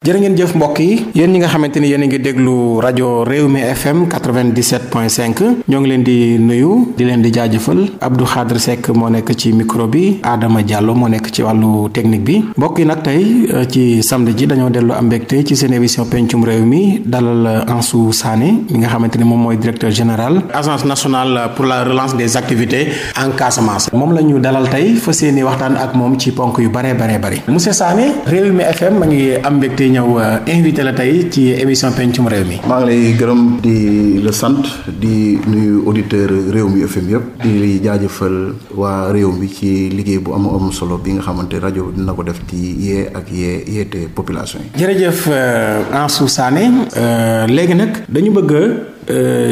jërë ngeen jëf mbokk yi yéen ñi nga xamante ni yéen a ngi déglu rajo réew mi fm 97.5 ñoo ngi leen di nuyu di leen di jaajëfal Abdou Khadre Seck moo nekk ci micro bi Adama Diallo moo nekk ci wàllu technique bi mbokk yi nag tey euh, ci samedi ji dañoo dellu am mbégte ci seen émission pencum réew mi dalal Ansou Sané mi nga xamante ni moom mooy directeur général agence nationale pour la relance des activités en moom la ñu dalal tey fa seeni waxtaan ak moom ci ponk yu baree baree bëri di ñëw euh, invité la tey ci émission pencum réew mi. maa ngi lay gërëm di le sant di nuyu auditeur réew mi FM yëpp. di jaajëfal waa réew mi ci liggéey bu am am solo bi nga xamante rajo dina ko def ci yee ak yee yeete population yi. jërëjëf euh, Ansou saane euh, léegi nag dañu bëgg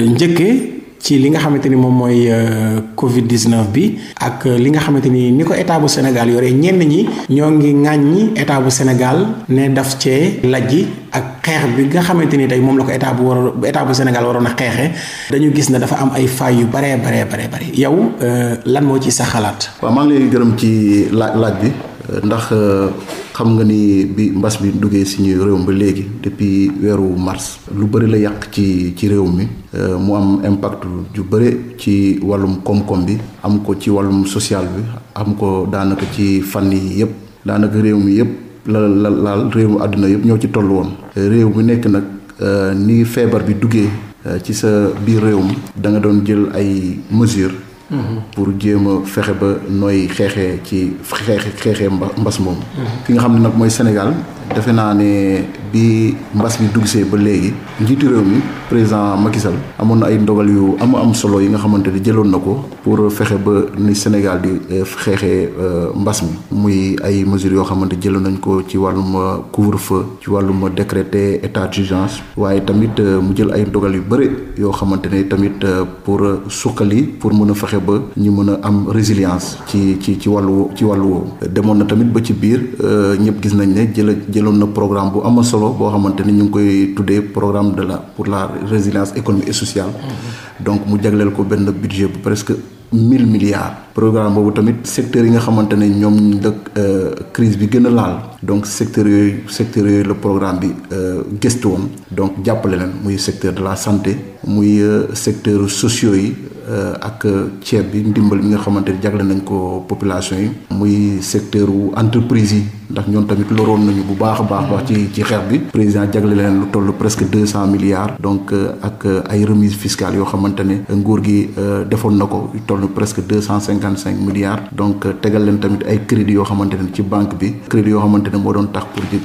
njëkkee. ci li nga xamante ni moom mooy euh, Covid 19 bi ak euh, li nga xamante ni ni ko état bu Sénégal yore ñenn ñi ñoo ngi ŋàññi état bu Sénégal ne daf cee lajji ak xeex bi nga xamante ni tey moom la ko état bu war état bu Sénégal waroon a xeexee dañu gis ne dafa am ay faay yu baree baree baree bëri yow euh, lan moo ci sa xalaat. waaw maa ngi lay gërëm ci laaj bi. ndax euh, xam nga ni bi mbas bi duggee suñu réew mi ba léegi depuis weeru mars lu bëri la yàq ci ci réew mi euh, mu am impact ju bëri ci wàllum koom-koom bi am ko ci wàllum social bi am ko daanaka ci fànn yi yëpp daanaka réew mi yëpp la la laal réew mu àdduna yëpp ñoo ci toll woon réew mi nekk nag euh, ni feebar bi duggee ci sa biir réew mi da nga doon jël ay mesures pour jéem a fexe ba nooy xeexee ci xeexe xeexee mbas moom mm-hmm. ki nga xam ne nag mooy Sénégal defe naa ne bi mbas mi duggsee ba léegi njiitu réew mi président Macky Sall amoon na ay ndogal yu am am solo yi nga xamante ni jëloon na ko pour fexe ba ni Sénégal di eh, xeexee eh, mbas mi muy ay mesures yoo xamante jëloon nañ ko ci wàllum couvre-feu ci wàllum décréter état d'urgence waaye tamit eh, mu jël ay ndogal yu bëri yoo xamante ne tamit pour suqali pour mën a fexe ba ñu mën a am résilience ci ci ci wàllu ci wàllu woowu demoon na tamit ba ci biir ñëpp gis nañ ne jëla jëloon na solo boo xamante ni ñu ngi koy tuddee programme de la pour la résilience économique et sociale. Mm-hmm. donc mu jagleel ko benn budget bu presque mille milliards. programme boobu tamit secteur yi nga xamante ne ñoom la euh, crise bi gën a laal. donc secteur yooyu secteurs yooyu la programme bi euh, gëstu woon. donc jàppale leen muy secteur de la santé. muy euh, secteur sociaux yi. Euh, ak ceeb bi ndimbal mi nga xamante ni jagle nañ ko population yi. muy secteur wu entreprise yi ndax ñoom tamit loroon nañu bu baax a baax ci ci xeex bi. président jagle leen lu toll presque deux cent milliards. donc euh, ak euh, ay remise fiscale yoo xamante ne nguur gi defoon na ko lu toll presque deux cent cinquante cinq milliards. donc tegal leen tamit ay crédit yoo xamante ne ci banque bi. crédit yoo xamante ne moo doon tax pour di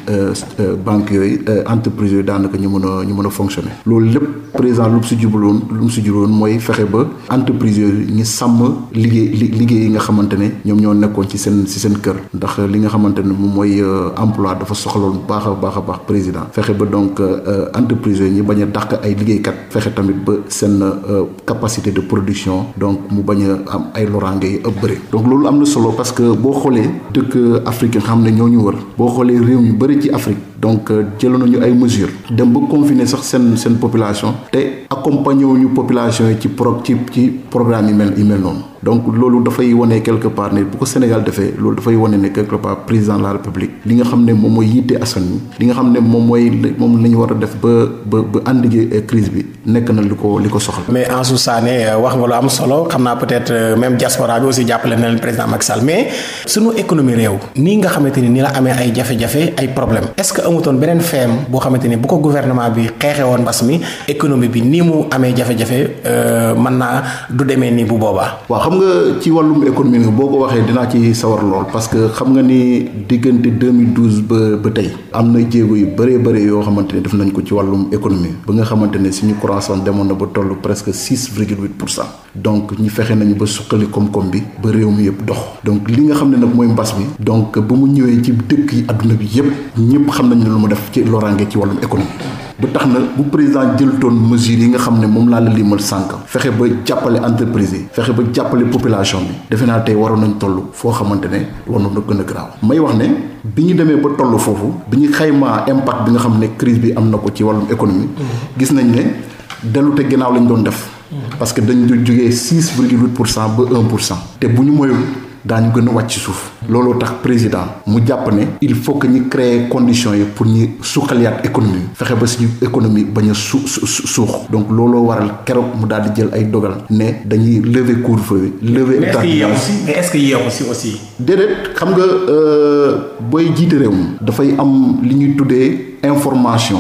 banque yooyu entreprise yooyu daanaka ñu mën a ñu mën a fonctionner. loolu lépp si jubluwoon lu mu si mooy fexe ba. entreprise yooyu ñu sàmm liggéey liggéey yi nga xamante ne ñoom ñoo nekkoon ci seen ci seen kër ndax li nga xamante ne moom mooy euh, emploi dafa soxloon baax a baax a baax président fexe ba donc euh, entreprise yooyu ñu bañ a dàq ay liggéeykat fexe tamit ba seen euh, capacité de production donc mu bañ a am ay loraange yi ëpp bëri donc loolu am na solo parce que boo xoolee dëkk Afrique xam ne ñoo ñu wër boo xoolee réew yu bëri ci Afrique donc euh, jëloon nañu ay mesures dem ba confiner sax seen seen population te accompagner ñu population yi ci pro ci ci programme yi mel yi mel noonu donc loolu dafay wane quelque part ne bu ko Sénégal defee loolu dafay wane ne quelque part président de la République li nga xam ne moom mooy yitte askan wi li nga xam ne moom mooy moom la ñu war a def ba ba ba euh, crise bi nekk na li ko li ko soxla. mais en Ansour Sané euh, wax nga lu am solo xam naa peut-être euh, même diaspora bi aussi jàppale na leen président Macky Sall mais sunu économie réew nii nga xamante ni nii la amee ay jafe-jafe ay problème est-ce que amutoon beneen feem boo xamante ni bu ko gouvernement bi xeexee woon mbas mi économie bi ni mu amee jafe-jafe naa du demee nii bu boobaa. xam nga ci wàllum économie boo ko waxee dinaa ci sawar lool parce que xam nga ni diggante 2012 ba ba tey am na jéego yu bëree bëri yoo xamante ne def nañ ko ci wàllum économie ba nga xamante ne suñu croissance demoon na ba toll presque 6 virgule 8 pour cent donc ñu fexe nañu ba suqali koom-koom bi ba réew mi yëpp dox donc li nga xam ne nag mooy mbas mi donc ba mu ñëwee ci dëkk yi àdduna bi yëpp ñëpp xam nañ ne lu ma def ci loraange ci wàllum économie ba tax na bu président jëlutoon mesures yi nga xam ne moom laa la limal sànq fexe ba jàppale entreprise yi fexe ba jàppale population bi defe naa tey waroon nañ toll foo xamante ne waroon na gën a garaaw may wax ne bi ñu demee ba toll foofu bi ñu xaymaa impact bi nga xam ne crise bi am na ko ci wàllum économie gis nañ ne dellu te ginnaaw lañ doon def parce que dañu du jógee six virgule huit pour cent ba pour cent te bu ñu moyul daañu gën a wàcc suuf looloo tax président mu jàpp ne il faut que ñu créer conditions yi pour ñu suqaliyaat économie fexe ba suñu économie bañ a su suux donc looloo waral keroog mu daal di jël ay dogal ne dañuy leve couvre-feu bi lever état mais est-ce que si aussi déedéet xam nga euh, booy jiite réew mi dafay am li ñuy tuddee information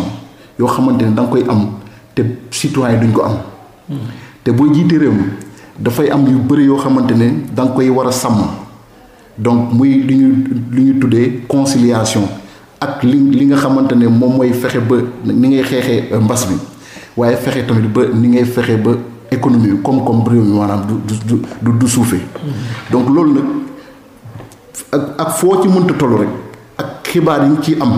yoo xamante ne da nga koy am te citoyen duñ ko am te booy jiite réew mi dafay am yu bëri yoo xamante ne da nga koy war a sàmm donc muy li ñu li ñu tuddee conciliation ak li li nga xamante ne moom mooy fexe ba ni ngay xeexee euh, mbas bi waaye fexe tamit ba ni ngay fexe ba économie bi koom-koom réew mi maanaam du du du du suufee. Mm-hmm. donc loolu nag ak ak foo ci mënta toll rek ak xibaar yi ñu ciy am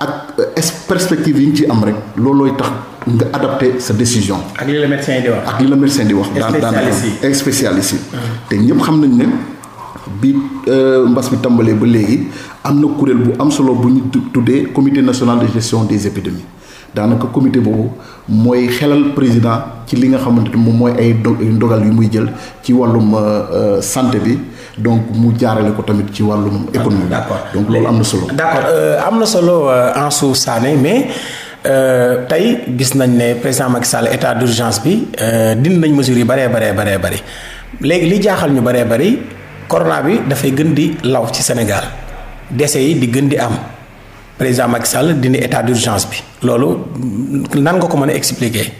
ak euh, perspective yi ñu ciy am rek loolooy tax. nga adapté sa décision. ak li la médecin di wax. ak li la médecin di wax. daanaka spécialiste yi ah. te ñëpp xam nañ ne bi euh, mbas mi tàmbalee ba léegi am na kuréel bu am solo bu ñu tuddee comité national de gestion des épidémies daanaka comité boobu mooy xelal président ci li nga xamante ni moom mooy ay ndogal yu muy jël ci wàllum euh, euh, santé bi. donc mu jaarale ko tamit ci wàllum économie. d'accord donc loolu am na solo. d'accord am na solo Ansou Sané mais. Euh, tey gis nañ ne président Macky Sall état d'urgence bi euh, dindi nañ mesures yu bëree baree baree bëri léegi li jaaxal ñu bëree bëri corona bi dafay gën di law ci Sénégal décès yi di gën di am président Macky Sall dindi état d'urgence bi loolu nan nga ko mën a expliquer.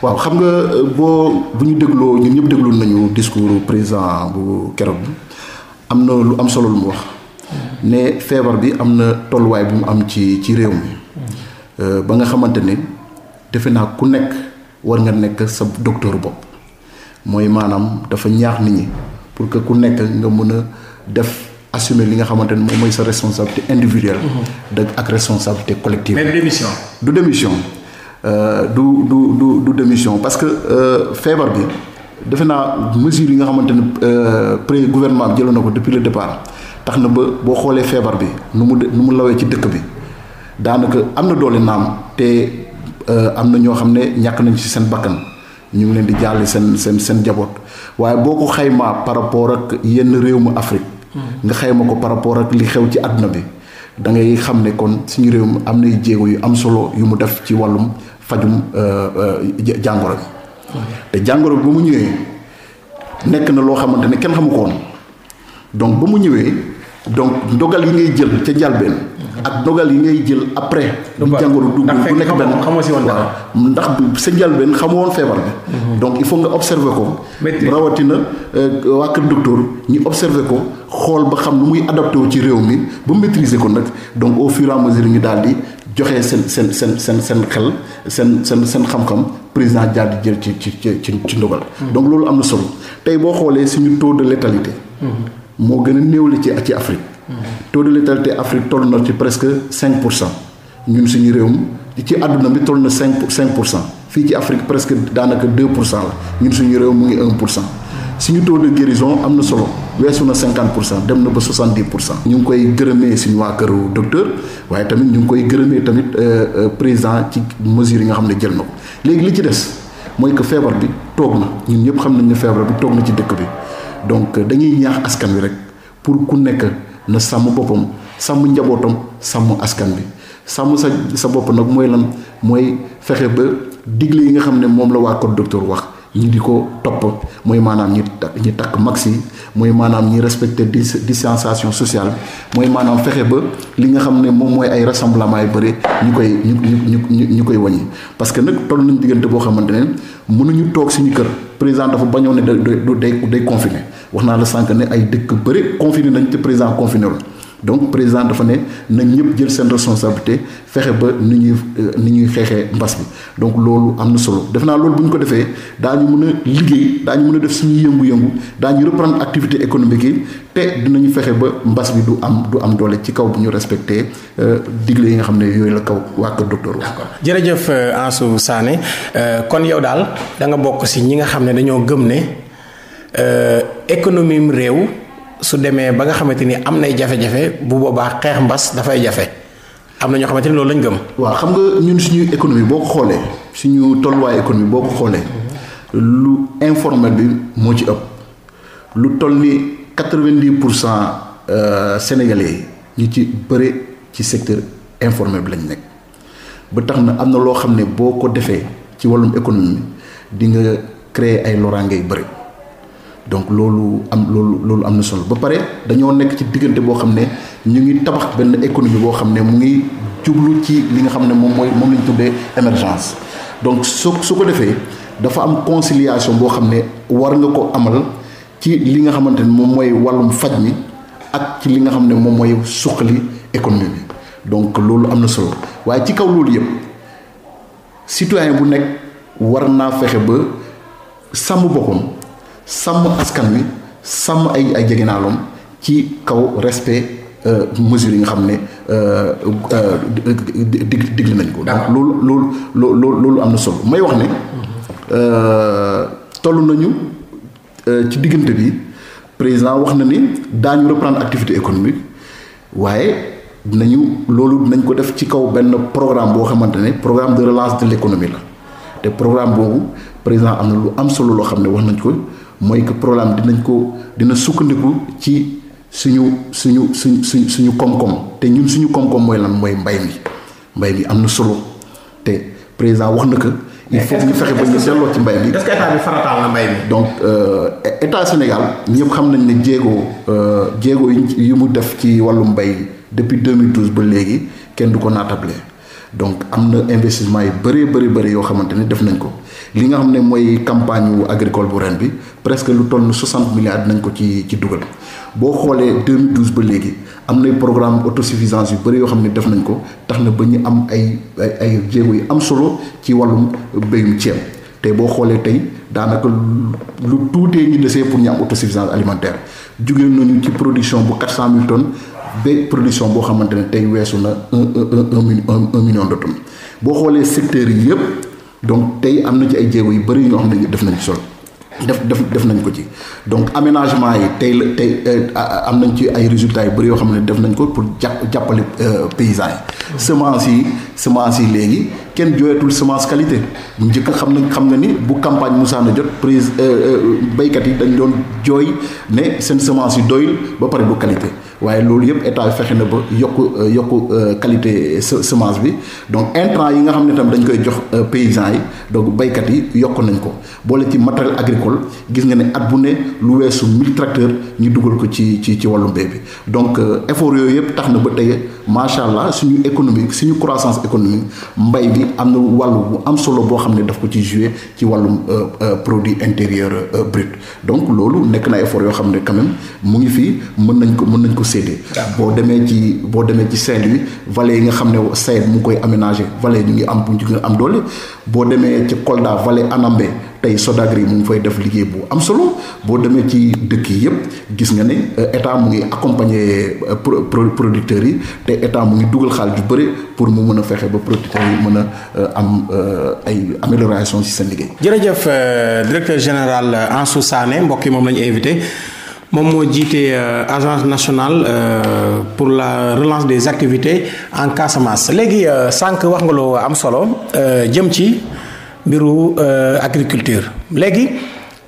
waaw xam nga euh, boo bu ñu dégloo ñu ñëpp déglu nañu discours président bu keroog am na lu am solo lu mu wax ne feebar bi am na tolluwaay bu mu am ci ci réew mi. Euh, ba nga xamante ni defe naa ku nekk war nga nekk sa docteur bopp mooy maanaam dafa ñaax nit ñi pour que ku nekk nga mën a def assumer li nga xamante ne moom mooy sa responsabilité individuelle. Mm-hmm. dëgg ak responsabilité collective. mais du démission du euh, du du du démission parce que euh, feebar bi defe naa mesure yi nga xamante ne pré gouvernement bi jëloon na ko depuis le départ tax na ba boo xoolee feebar bi nu mu nu mu lawee ci dëkk bi. daanaka am na doole naam te euh, am na ñoo xam ne ñàkk nañu si seen bakkan ñu ngi leen di jàll seen seen seen njaboot waaye boo ko xaymaa par rapport ak yenn réew mu Afrique. Hmm. nga xayma ko par rapport ak li xew ci àdduna bi da ngay xam ne kon suñu réew mi am nay jéego yu am solo yu mu def ci wàllum fajum euh, euh, jàngoro bi. te jàngoro bi ba mu ñëwee nekk na loo xamante ne kenn xamu ko donc ba mu ñëwee donc ndogal yi ngay jël ca njàlbeen. ak dogal yi ngay jël après. bi jàngoro dugg bu nekk benn xamoo si woon dara ndax sa njëlbeen xamoo woon feebar bi. Mhm. donc il faut nga observer ko. rawatina euh, waa kër docteur ñu observer ko xool ba xam nu muy adapté wu ci réew mi ba maîtriser ko nag donc au fur et à mesure ñu daal di joxe seen seen seen seen seen xel seen seen seen xam-xam président jaar di jël ci ci ci ci ndogal. Mhm. donc loolu am na solo tey boo xoolee suñu taux de létalité. Mhm. moo gën a néewle ci ci Afrique. taux de létalité Afrique toll na ci presque 5 pour cent ñun suñu réew mi ci àdduna bi toll na cinq pour 5 pour cent fii ci Afrique presque daanaka deux pour cent la ñun suñu réew mu ngi pour cent suñu taux de am na solo weesu na 50 pour cent dem na ba 70 pour cent. ñu ngi koy gërëmee suñu waa këru docteur waaye tamit ñu ngi koy gërëmee tamit euh, euh, président ci mesures yi nga xam ne jël na ko léegi li ci des mooy ko feebar bi toog na ñun ñëpp xam nañ ne feebar bi toog na ci dëkk bi donc dañuy ñaax askan wi rek pour ku nekk. na sàmm boppam sàmm njabootam sàmm askan bi sàmm sa sa bopp nag mooy lan mooy fexe ba digle yi nga xam ne moom la waa code docteur wax ñi di ko topp mooy maanaam ñi takk ñi takk maxi mooy maanaam ñi respecter distanciation sociale mooy maanaam fexe ba li nga xam ne moom mooy ay rassemblement yu bëri ñu koy ñu ñu ñu ñu koy wàññi. parce que nag toll nañ diggante boo xamante ne mënuñu toog suñu kër président dafa bañoon ne day day day confiné wax naa la sànq ne ay dëkk bëri confiné nañ te président confiné wul. donc président dafa ne na ñëpp jël seen responsabilité fexe ba ni ñuy euh, ni ñuy xeexee mbas bi donc loolu am na solo def naa loolu bu ñu ko defee daañu mën a liggéey daañu mën a def suñuy yëngu-yëngu daañu reprendre activité économique yi te ñu fexe ba mbas bi du am du am doole ci kaw bu ñu respecté euh, digle yi nga xam ne yooyu la kaw waa kër docteur. d'accord jërëjëf euh, Ansou Sané kon yow daal danga nga bokk si ñi nga xam ne dañoo gëm ne économie réew. su demee ba nga xamante ni am nay jafe-jafe bu boobaa xeex mbas dafay jafe am na ñoo xamante ni loolu lañ gëm. waa xam nga ñun suñu économie boo ko xoolee suñu tolluwaayu économie boo ko xoolee lu informel bi moo ci ëpp lu toll ni quatre-vingt-dix pour cent euh, sénégalais yi ñu ci bëre ci secteur informel bi lañu nekk ba tax na am na loo xam ne boo ko defee ci wàllum économie bi di nga créer ay loraange yu bëri. donc loolu am loolu loolu am na solo ba pare dañoo nekk ci diggante boo xam ne ñu ngi tabax benn économie boo xam ne mu ngi jublu ci li nga xam ne moom mooy moom lañ tuddee émergence donc soo su ko defee dafa am conciliation boo xam ne war nga ko amal ci li nga xamante ne moom mooy wàllum faj mi ak ci li nga xam ne moom mooy suqali économie bi donc loolu am na solo waaye ci kaw loolu yëpp citoyen bu nekk war naa fexe ba sàmm boppam sàmm askan wi sàmm ay ay jegenaaloom ci kaw respect. Euh, mesures yi nga xam ne euh, euh, dig digg nañ ko. donc loolu loolu loolu loolu am na solo may wax ne toll nañu ci diggante bi président wax na ni daañu reprend activité économique waaye dinañu loolu dinañ ko def ci kaw benn programme boo xamante ne programme de relance de l'économie la te programme boobu président am na lu am solo loo xam ne wax nañ ko. mooy que problème dinañ ko dina sukkandiku ci suñu suñu suñ suñ suñu koom-koom te ñun suñu koom-koom mooy lan mooy mbay mi mbay mi am na solo te président wax na que. il faut ñu fexe ba ñu delloo ci mbay mi. est mbay mi. donc euh, état Sénégal ñëpp xam nañ ne jéego euh, jéego yu mu def ci wàllum mbay depuis 2012 ba léegi kenn du ko naatable. donc am na investissement yu bëree bëri bëri yoo xamante ni def nañ ko li nga xam ne mooy campagne wu agricole bu ren bi presque lu toll ni 60 milliards dinañ ko ci ci dugal boo xoolee 2012 ba léegi am nay programme autosuffisance yu bëri yoo xam ne def nañ ko tax na ba ñu am ay ay ay jéego yu am solo ci wàllum béyum ceeb. te boo xoolee tey daanaka lu tuutee ñu desee pour ñu am autosuffisance alimentaire jugee nañu ci production bu 400000 tonnes ba production boo xamante ne tey weesu na un un un million de tonnes boo xoolee secteurs yi yëpp donc tey am na ci ay jéego yu bëri ñoo xam ne def nañu sol def def def nañ ko ci donc aménagement yi tey la tey euh, am nañ ci ay résultats yu bëri yoo xam ne def nañ ko pour jàpp jàppale euh, paysans yi. semence yi semence yi léegi kenn jooyatul semence qualité bu njëkk xam nañ xam nga ni bu campagne musaana jot prise euh, béykat yi dañ doon jooy ne seen semence yi doyul ba pare du qualité. waaye loolu yëpp état fexe na ba yokku euh, yokku euh, qualité semence bi donc intrant yi nga xam ne tam dañ koy jox euh, paysans yi donc baykat yi yokk nañ ko boole ci matériel agricole gis nga ne at bu ne lu weesu mille tracteurs ñu dugal ko ci ci ci wàllum mbay bi donc effort yooyu yëpp tax na ba tey macha allah suñu économie suñu croissance économique mbay bi am na wàllu bu am solo boo xam ne daf ko ci joué ci wàllum produit intérieur brut donc loolu nekk na effort yoo xam ne quand mu ngi fii mën nañ ko mën nañ ko séddee. boo demee ci boo demee ci Saint-Louis vallée nga xam ne SAED mu ngi koy aménagé vallée ñu ngi am bu ñu am boo demee ci Kolda vallée Anambé tey Sodagri mu ngi fay def liggéey bu am solo boo demee ci dëkk yi yëpp gis nga ne euh, état mu ngi accompagner euh, producteurs yi te état mu ngi dugal xaalis ju bëri pour mu mën a fexe ba producteurs yi mën a euh, am ay amélioration ci seen liggéey. jërëjëf directeur général Ansou Sané mbokk moom la invité. moom moo jiite euh, agence nationale euh, pour la relance des activités en Casamance léegi euh, sànq wax nga loo am solo jëm ci mbiru agriculture léegi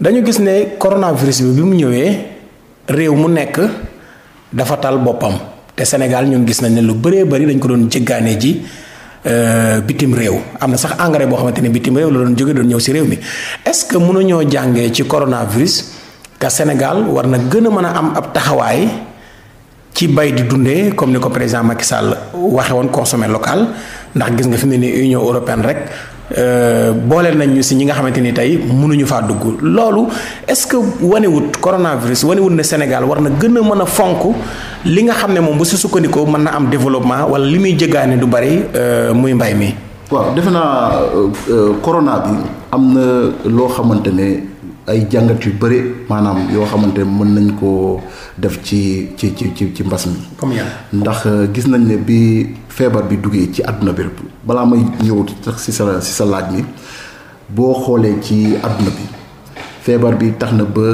dañu gis ne coronavirus bi bi mu ñëwee réew mu nekk dafa tal boppam te Sénégal ñun gis nañ ne lu bëree bari dañ ko doon jéggaane ji bitim réew am na sax engrais boo xamante ne bitim réew la doon jóge doon ñëw si réew mi est-ce que mënuñoo jàngee ci coronavirus. que Sénégal war na gën a mën a am ab taxawaay ci bay di dunde comme ni ko président Macky Sall waxe woon consommer local ndax gis nga fi mu ne nii Union européenne rek euh, booleel nañ ñu si ñi nga xamante ni tey mënuñu faa dugg loolu est-ce que wanewut wane wanewut ne Sénégal war na gën a mën a fonk li nga xam ne moom bu si sukkandikoo mën na am développement wala li muy jéggaane du bari euh, muy mbay mi. waaw defe naa euh, corona bi am na loo xamante ne ay jàngat yu bëri maanaam yoo xamante mën nañ koo def ci ci ci ci ci mbas mi. comme ndax euh, gis nañ ne bi feebar bi duggee ci àdduna bi balaa may ñëw sax si sa si sa laaj mi boo xoolee ci àdduna bi feebar bi tax na ba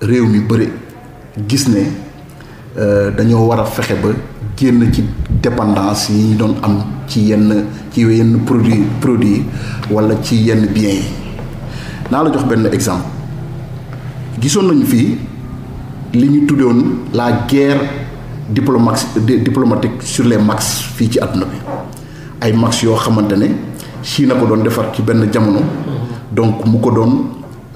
réew mi bëri gis ne euh, dañoo war a fexe ba génn ci dépendance yi ñu doon am ci yenn ci yenn produit produit wala ci yenn biens yi. naa la jox benn exemple gisoon nañu fii li ñu tuddoon la guerre diplomatique sur les max fii ci àdduna bi ay max yoo xamante ne Chine ko doon defar ci benn jamono donc mu ko doon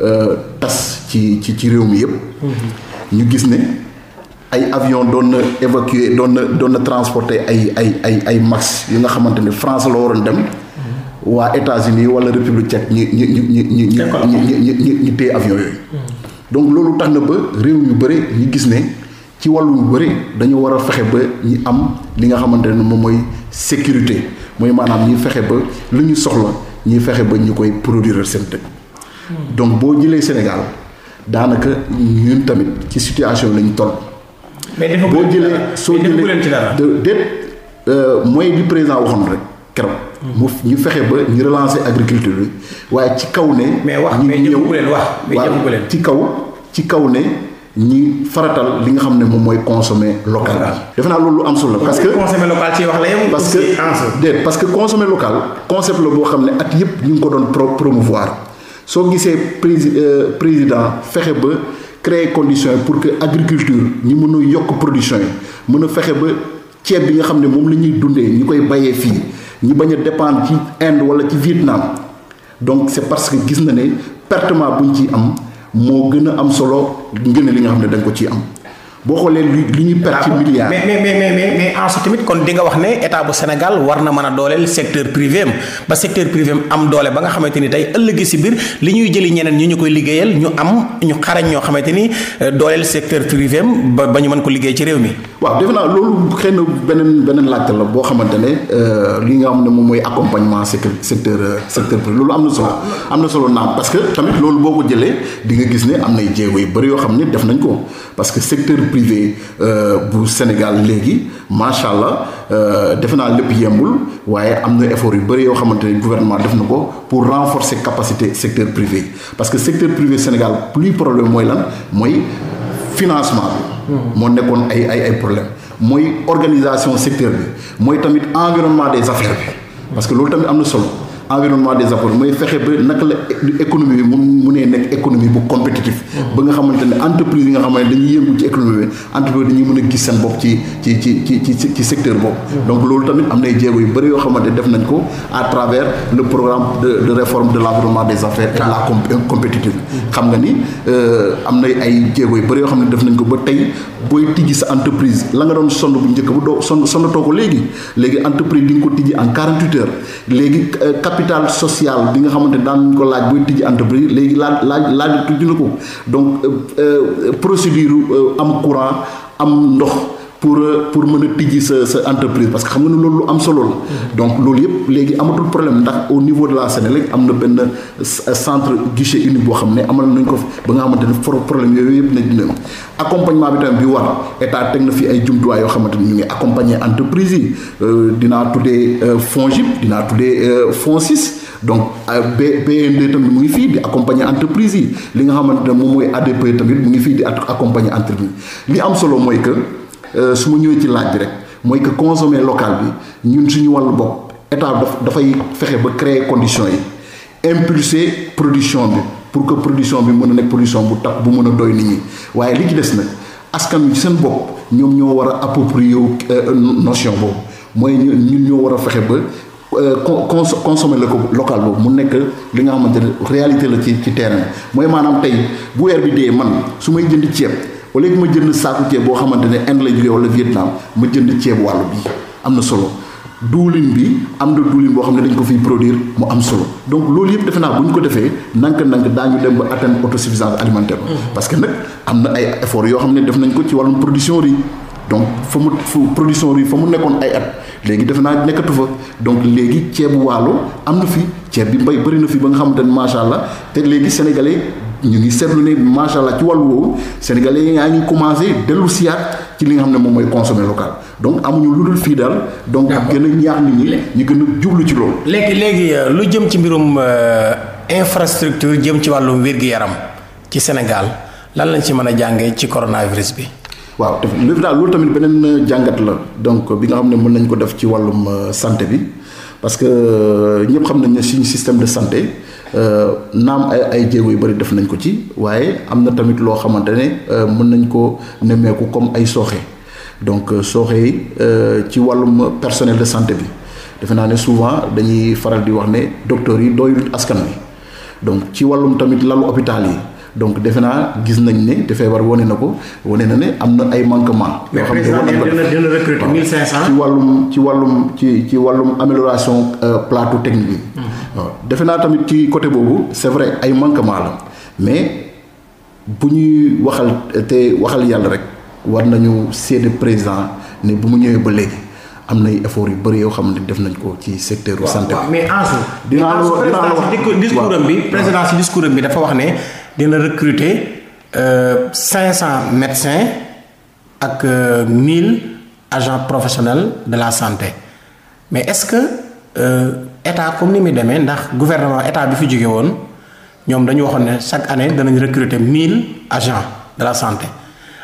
euh, tas ci ci ci réew mi yépp mm-hmm. ñu gis ne ay avion doon na évacuer doon na doon na transporté ay ay ay ay max yu nga xamante ne France la waroon dem waa États-Unis wala république tchèque ñi ñi ñi ñi ñi ñi ñi téye avion yooyu. donc loolu tax na ba réew yu bëri ñu gis ne ci wàllu yu bëri dañu war a fexe ba ñi am li nga xamante ne moom mooy sécurité mooy maanaam ñi fexe ba lu ñu soxla ñuy fexe ba ñu koy produire seen dëkk. donc boo jëlee Sénégal daanaka ñun tamit ci situation lañu toll. boo jëlee soo jëlee déet euh, mooy li président waxoon rek. keroog. mu ñu fexe ba ñu relancer agriculture bi waaye ci kaw ne. mais wax mais ñëw leen wax mais ñëw leen ci kaw ci kaw ne ñi faratal li nga xam ne moom mooy consommer local. defe naa loolu lu am solo la parce que consommer local ci wax la yem. parce que déet parce que consommer local concept la boo xam ne at yëpp ñu ngi ko doon pro promouvoir soo gisee prési euh, président fexe ba. créer condition yi pour que agriculture ñi mën a yokk production yi mun a fexe ba ceeb bi nga xam ne moom la ñuy dundee ñu koy bayee fii ñi bañ a dépendre ci Inde wala ci Vietnam donc c'est parce que gis na ne pertement buñ ci am moo gën a am solo ngeen li nga xam ne dañ ko ci am. boo xoolee li li ñuy perte ci milliards. mais mais mais mais ensuite tamit kon di nga wax ne état bu Sénégal war na mën a dooleel secteur privé am ba secteur privé am doole ba nga xamante ni tey ëllëg si biir li ñuy jëli ñeneen ñu ñu koy liggéeyal ñu am ñu xarañ ñoo xamante ni euh, dooleel secteur privé am ba ba ñu mën ko liggéey ci réew mi. waaw defe naa loolu xëy na beneen beneen laajte la boo xamante ne euh, li nga xam ne moom mooy accompagnement secteur euh, secteur privé loolu am na solo. am na solo naam parce que tamit loolu boo ko jëlee di nga gis ne am nay jéego yu bëri yoo xam ne def nañ ko parce que secteur privé euh, bu Sénégal léegi macha allah euh, defe naa lépp yembul waaye am na effort yu bëri yoo xamante ne gouvernement def na ko pour renforcer capacité secteur privé parce que secteur privé Sénégal plus problème mooy lan mooy financement bi. Hmm. moo nekkoon ay ay ay problème mooy organisation secteur bi mooy tamit environnement des affaires bi. parce que loolu tamit am na solo. environnement des affaires mooy fexe ba naka la économie bi mu munee nekk économie bu compétitif ba nga xamante ne entreprise yi nga xamante ne dañuy yëngu ci économie bi entreprise dañuy mën a gis seen bopp ci ci ci ci ci ci secteur boobu donc loolu tamit am nay jéego yu bëri yoo xamante def nañ ko à travers le programme de réforme de l'environnement des affaires et la compétitive xam nga ni euh, am na ay jéego yu bëri yoo xam ne def nañ ko ba tey booy tijji sa entreprise la nga doon sonn bu njëkk bu doo sonn sonnatoo ko léegi léegi entreprise di nga ko tijji en 48 heures léegi euh, capital social bi nga xamante ne daan ko laaj booy tijji entreprise léegi laaj laaj laaj tudd na ko donc euh, euh, procédure am courant am ndox. pour euh, pour mën a tijji sa sa entreprise parce que xam nga ne loolu lu am solo la. donc loolu yëpp léegi amatul problème ndax au niveau de la Sénélec am na benn euh, centre guichet unique boo xam ne amal nañ ko ba nga xamante ne problème yooyu yëpp nañ dina am accompagnement bi tamit bi war état teg na fi ay jumtuwaay yoo xamante ni ñu ngi accompagner yi euh, dinaa tuddee FONGIP dinaa tuddee FONSIS donc BND tamit mu ngi fii di accompagner entreprise yi li nga xamante ne moom mooy ADP tamit mu ngi fii di accompagner entreprise li am solo mooy que. Euh, su ma ñëwee ci laaj bi rek mooy que consommer local bi ñun suñu wàllu bopp état dafay fexe ba créer conditions yi impulser production bi pour que production bi mën a nekk production bu tax bu mën a doy nit waaye li ci des nag askan wi ci seen bopp ñoom ñoo war a approprier euh, notion boobu mooy ñun ñoo war a fexe ba. Euh, con consommer local boobu mu nekk li nga xamante ne réalité la ci ci terrain mooy maanaam tey bu weer bi dee man su may jënd ceeb. au ma jënd saaku ceeb boo xamante ne Inde la jógee wala Vietnam ma jënd ceeb wàllu bi am na solo duulin bi am na duulin boo xam ne dañ ko fiy produire mu am solo donc loolu yëpp defe naa bu ñu ko defee nank-nank daañu dem ba atteindre autosuffisance alimentaire mm-hmm. parce que nag am na ay effort yoo xam ne def nañ ko ci wàllum production riz donc fa mu fa production riz fa mu nekkoon ay at léegi defe naa nekkatu fa donc léegi ceebu waalo am na fi ceeb bi mbay bëri na fi ba nga xamante ne macha allah te léegi sénégalais. ñu ngi seetlu ne macha allah ci wàllu woowu sénégalais yaa ngi commencé dellu siyaat ci li nga xam ne moom mooy consommer local donc amuñu lu dul fii daal. donc gën a ñaax nit ñi ñu gën a jublu ci loolu. léegi léegi euh, lu jëm ci mbirum euh, infrastructure jëm ci wàllum wér-gu-yaram ci Sénégal lan lañ si mën a jàngee ci coronavirus bi. waaw def léegi daal loolu tamit beneen euh, jàngat la donc bi nga xam ne mën nañ ko def ci wàllum santé bi parce que ñëpp xam nañ ne suñu système de santé. Euh, naam ay ay jéego yu bëri def nañ ko ci waaye am na tamit loo xamante ne euh, mën nañ koo nemmeeku comme ay sooxe donc euh, sooxe yi ci wàllum personnel de santé bi defe naa ne souvent dañuy faral di wax ne docteurs yi doyul askan wi donc ci wàllum tamit lalu hôpital yi. donc defe naa gis nañ ne te feebar wane na ko wane na ne am na ay manquement yoo xam ne wane na ko dina ci wàllum ci wàllum ci wàllum amélioration euh, plateau technique yi hmm. waaw defe naa tamit ci côté boobu c'est vrai ay manquement la mais bu ñuy waxal te waxal yàlla rek war nañu seede président ne bu mu ñëwee ba léegi am nay effort yu bëri yoo xam ne def nañ ko ci secteur santé bi. mais en dinaa la dinaa la wax discours am bi président si discours bi dafa wax ne. dina recruter euh, cinq cent médecins ak euh, mille agent professionnels de la santé mais est-ce que euh, état comme ni muy demee ndax gouvernement état bi fi jóge woon ñoom dañu waxoon ne chaque année danañ recruter mille agents de la santé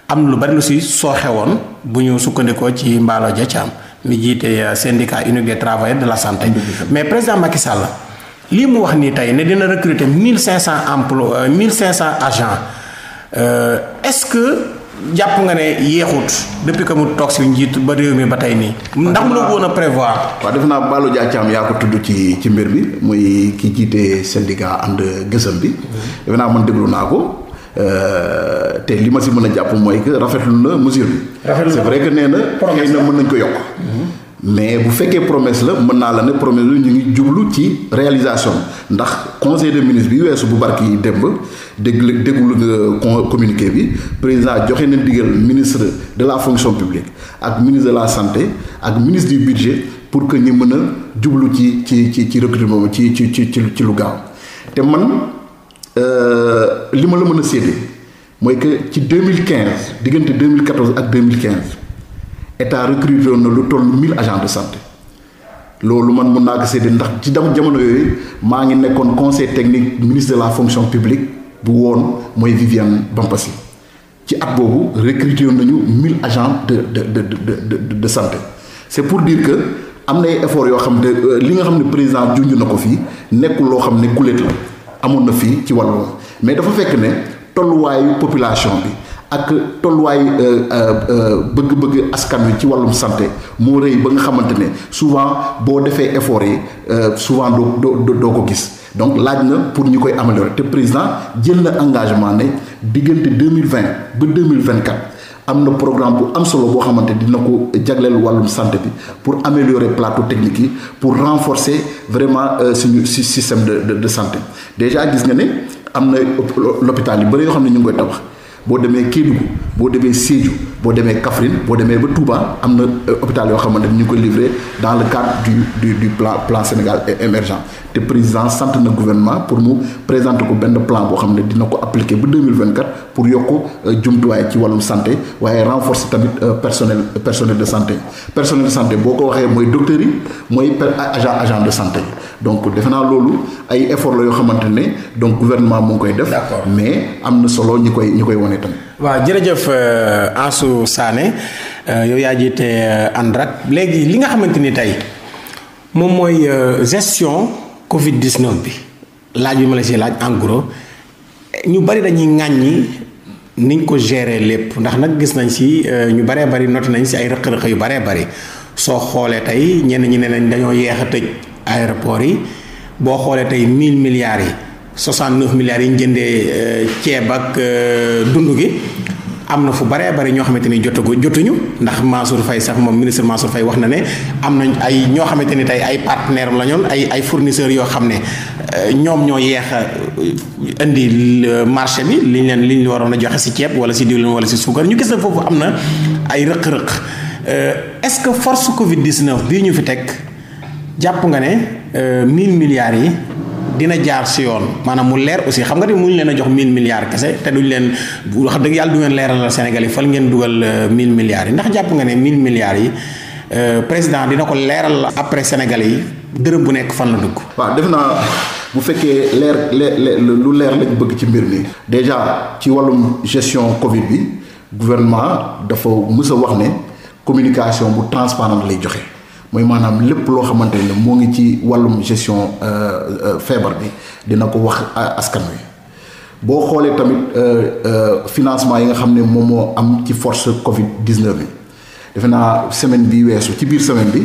am lu bari lu si sooxe woon bu ñu sukkandikoo ci Mballo Dia Thiam mi jiite syndicat unique des travailleurs de la santé mais président Macky Sall lii mu wax nii tey ne dina recruter mille cinq cent emploi euh, mille cinq cent agents euh, est-ce que jàpp nga ne yeexut depuis ka mu toog si njiit ba réew mi ba tey nii. ndax mu la woon a prévoir. waa def naa Baalu Diatiam yaa ko tudd ci ci mbir bi muy ki jiite seen syndicat ànd gësëm bi. def naa man déglu naa ko. Euh, te li ma si mën a jàpp mooy que rafetlu na mesure bi. c'est vrai que nee na xëy na mën nañ ko yokk. Mhm. mais bu fekkee promesse la mën naa la ne promesse bi ñu ngi jublu ci réalisation ndax conseil des ministre bi weesu bu barki yi démb déglu déglu nga communiqué bi président joxe na digal ministre de la fonction publique ak ministre de la santé ak ministre du budget pour que ni mën a jublu ci ci ci ci recrutement ci ci ci ci lu gaaw te man euh, li ma la mën a séddee mooy que ci mille 2015 diggante 2014 ak 2015. état recruté woon na lu toll mille agents de santé loolu man mun naa ko séddee ndax ci dama jamono yooyu maa ngi nekkoon conseil technique ministre de la fonction publique bu woon mooy Viviane Bampassi ci at boobu recruté woon nañu mille agent de de de de de de santé c'est pour dire que am na ay efforts yoo xam ne euh, li nga xam ne président junj na ko fii nekkul loo xam ne guléet la amoon na fii ci wàllu mais dafa fekk ne tolluwaayu population bi. ak tolluwaay euh, euh, euh, bëgg-bëgg askan wi ci wàllum santé moo rëy ba nga xamante ne souvent boo defee effort yi souvent doo doo doo ko gis donc laaj na pour ñu koy améliorer te président jël na engagement ne diggante deux mille vingt ba deux mille vingt quatre am na programme bu am solo boo xamante dina ko jagleel wàllum santé bi pour améliorer plateau technique yi pour renforcer vraiment suñu système de de santé déjà gis nga ne am na lopitaan yu bëri yoo xam ne ñu ngi koy tabax. boo demee Kédougou boo demee Sédhiou boo demee Kaffrine boo demee ba Touba am na euh, hôpital yoo xamante ni ñu ngi koy livré dans le cadre du du du plan plan Sénégal émergent te président sant na gouvernement pour mu présenter ko benn plan boo xam ne dina ko appliquer ba 2024 pour yokk euh, jumtuwaay ci wàllum santé waaye renforce tamit euh, personnel personnel de santé personnel de santé boo ko waxee mooy docteurs yi mooy agent agent de santé donc defe naa loolu ay effort la yoo xamante ne donc gouvernement moo ngi koy def mais am na solo ñi koy ñi koy wane tamit waaw jërëjëf euh, Ansou Sané euh, yow yaa jiite euh, ANRAC léegi li nga xamante ni tey moom mooy gestion Covid 19 bi laaj bi ma la si laaj en ñu bari dañuy ŋàññi niñ ko gérer lépp ndax nag gis nañ si ñu baree bari noté nañ si ay rëq-rëq yu baree bari soo xoolee tey ñenn ñi ne nañ dañoo yeex a tëj aéroport yi boo xoolee tey 1000 milliards yi. 69 milliards yi ñu jëndee euh, ceeb ak euh, dund gi am na fu baree bari ñoo xamante ni jotagu jotuñu ndax Mansour fay sax moom ministre Mansour Faye wax na ne am nañ ay ñoo xamante ni tey ay partenaire la ñoon ay ay fournisseurs yoo xam ne euh, ñoom ñoo yeex a indi marché bi liñ leen li liñ waroon a joxe si ceeb wala si diwlin wala si suukar ñu gis na foofu am na ay rëq-rëq est-ce que force Covid 19 bii ñu fi teg jàpp nga ne 1000 milliards yi. dina jaar si yoon maanaam mu leer aussi xam nga ni muñ leen a jox 1000 milliards kese te duñ leen wax dëgg yàlla du ngeen leeralal Sénégal yi fal ngeen dugal 1000 euh, milliards yi ndax jàpp nga ne 1000 milliards yi euh, président dina ko leeral après Sénégal yi dërëm bu nekk fan la dugg. waaw def naa bu fekkee leer leer lu leer lañ bëgg ci mbir mi. déjà ci wàllum gestion Covid bi gouvernement dafa mës a wax ne communication bu transparente lay joxe. mooy maanaam lépp loo xamante ne moo ngi ci wàllum gestion euh, euh, feebar bi dina ko wax askan wi boo xoolee tamit euh, financement yi nga xam ne moom moo am ci force Covid 19 bi defe naa semaine bi weesu ci biir semaine bi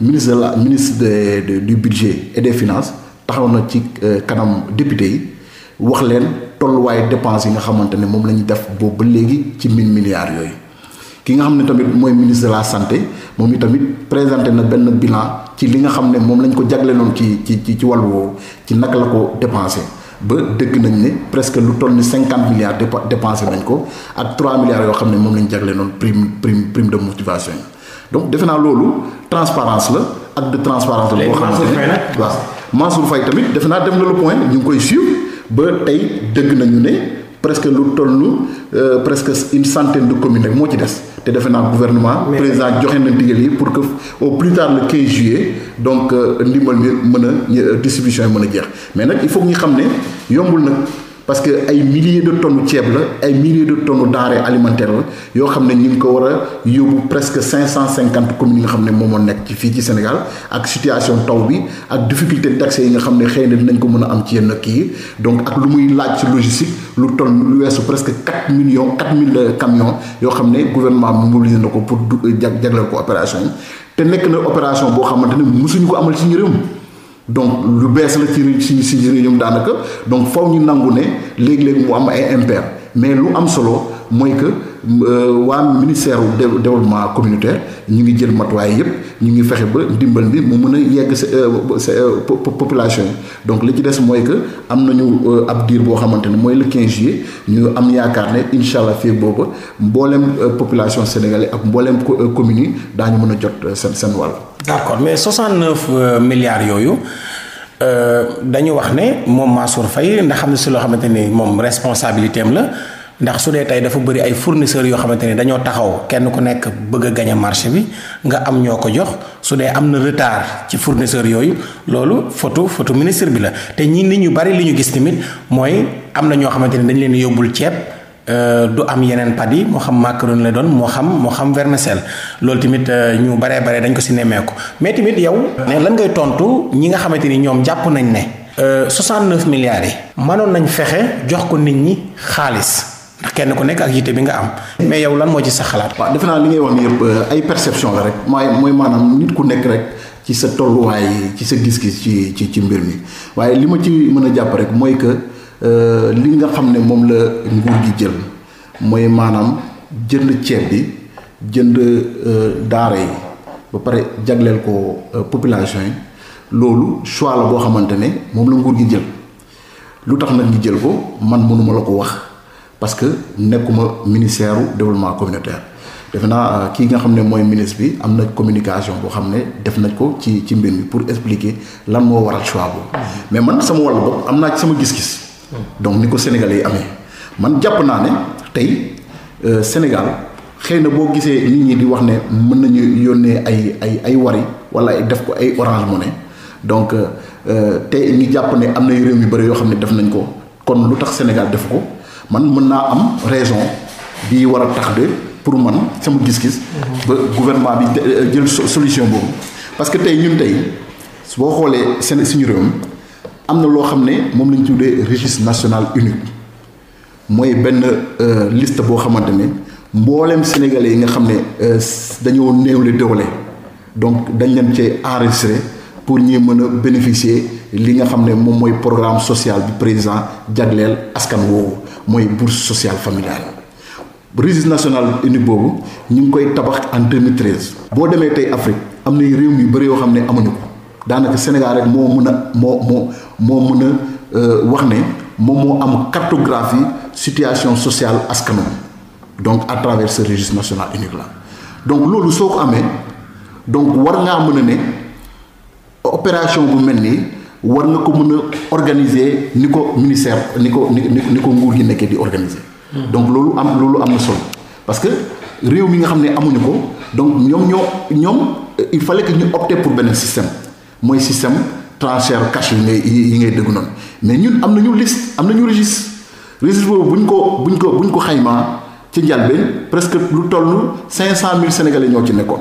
ministre la ministre de du budget et des finances taxaw na ci kanam député yi wax leen tolluwaayu dépense yi nga xamante ne moom la ñu def boobu ba léegi ci mille milliare yooyu. ki nga xam ne tamit mooy ministre la santé moom i tamit présenté na benn bilan ci li nga xam ne moom lañ ko jagleeloon ci ci ci ci wàll woowu ci naka la ko dépensé ba dégg nañ ne presque lu toll ni cinquante milliards dépensé nañ ko ak trois milliards yoo xam ne moom lañ jagleeloon prime prime prime de motivation yi donc defe naa loolu transparence la ak de transparence la boo xamante ne waaw Mansour Faye tamit defe naa dem na le point ñu ngi koy suivre ba tey dëgg nañu ne presque lu toll euh, presque une centaine de communes rek moo ci des te defe naa gouvernement président joxe na ndigal yi pour que au plus tard le 15 juillet donc euh, ndimbal mi mën a distribution yi mën a jeex mais nag il faut ñu xam ne yombul nag parce que ay milliers de tonnes ceeb la ay milliers de tonnes denrées alimentaires la yoo xam ne ñu ngi ko war a yóbbu presque cinq cent cinquante communes yi nga xam ne moom moo nekk ci fii ci Sénégal ak situation taw bi ak difficulté d'accès yi nga xam ne xëy na dinañ ko mën a am ci yenn kii yi donc ak lu muy laaj ci logistique lu toll lu weesu presque quatre millions quatre mille euh, camions yoo xam ne gouvernement bi mobilisé na ko pour du euh, jagleel ko opération yi te nekk na opération boo xamante ne mosuñu ko amal ci ñu donc lu bees la ci ci si ci réunion daanaka donc faw ñu nangu ne léegi-léegi mu am ay impair mais lu am solo. mooy que euh, waa ministère du développement communautaire ñu ngi jël matuwaay yépp ñu ngi fexe ba ndimbal bi mu mën a yegg sa euh, sa euh, population yi donc li ci des mooy que am nañu ab diir boo xamante ne mooy le 15 juillet ñu am yaakaar ne incha allah fii boobu mbooleem population sénégalaise ak mbooleem commune yi daa ñu mën a jot seen seen wàll. d'accord mais 69 milliards yooyu. dañu wax ne moom Mansour Faye ndax xam ne si loo xamante ni moom responsabilité am la ndax su dee tey dafa bëri ay fournisseurs yoo xamante ne dañoo taxaw kenn ku nekk bëgg a gañe marché bi nga am ñoo ko jox su dee am na retard ci fournisseurs yooyu loolu photo photo ministre bi la te ñi nit ñu bari li ñu gis tamit mooy am na ñoo xamante ne dañ leen yóbbul ceeb euh, du am yeneen pad yi moo xam macaron la doon moo xam moo xam vermicelle loolu tamit euh, ñu baree bare dañ ko si nemmeeku mais tamit yow. ne lan ngay tontu ñi nga xamante ni ñoom jàpp nañ ne. 69 euh, milliards yi. manoon nañ fexe jox ko nit ñi xaalis. ndax kenn ku nekk ak yitte bi nga am. mais yow lan moo ci sa xalaat. waa defe naa li ngay wax ni yëpp euh, ay perception la rek mooy mooy maanaam nit ku nekk rek ci sa tolluwaay ci sa gis-gis ci ci mbir mi waaye li ma ci mën a jàpp rek mooy que euh, li nga xam ne moom la nguur gi jël mooy maanaam jënd ceeb bi jënd euh, daara ba pare jagleel ko population yi loolu choix boo xamante ne moom la nguur gi jël lu tax nag ñu jël ko man mënuma la ko wax. parce que nekkuma ministère u développement communautaire defe naa euh, kii nga xam ne mooy ministre bi am na communication boo xam ne def nañ ko ci ci mbir mi pour expliquer lan moo waral choix boobu. mais man sama wàll bopp am naa ci sama gis-gis. donc ni ko Sénégalais yi amee man jàpp naa ne tey euh, Sénégal xëy na boo gisee nit ñi di wax ne mën nañu yónnee ay ay ay wari wala def ko ay Orange Money donc euh, te ñu jàpp ne am na réew yu bëri yoo xam ne def nañ ko kon lu tax Sénégal def ko. man mën naa am raison bi war a tax de pour man sama gis-gis. ba gouvernement bi euh, jël solution boobu. parce que tey ñun tey boo xoolee seen suñu réewam am na loo xam ne moom la ñu tuddee registre national unique mooy benn euh, liste boo xamante ne mbooleem sénégalais yi nga xam ne euh, dañoo néewle doole donc dañ leen cee enregistré pour ñuy mën a bénéficier. li nga xam ne moom mooy programme social bu président jagleel askan woowu mooy bourse sociale familiale registre national unique boobu ñu ngi koy tabax en 2013. boo demee tey Afrique am na réew yu bëri yoo xam ne amuñu ko daanaka Sénégal rek moo mën a moo moo moo mën a euh, wax ne moom moo am cartographie situation sociale askan donc à travers ce registre national unique là donc loolu soo ko amee donc war ngaa mën a ne opération bu mel nii. war nga ko mën a organiser ni ko ministère ni ko ni ko nguur gi nekkee di organiser. Hmm. donc loolu am loolu am na solo parce que réew mi nga xam ne amuñu ko donc ñoom ñoo ñoom il fallait que ñu opter pour beneen système mooy système transfert cash yi ngay yi ngay dégg noonu mais ñun am nañu liste am nañu registre registre boobu buñ ñu ko bu ko bu ko xaymaa ci njëlbéen presque lu toll mille sénégalais ñoo ci nekkoon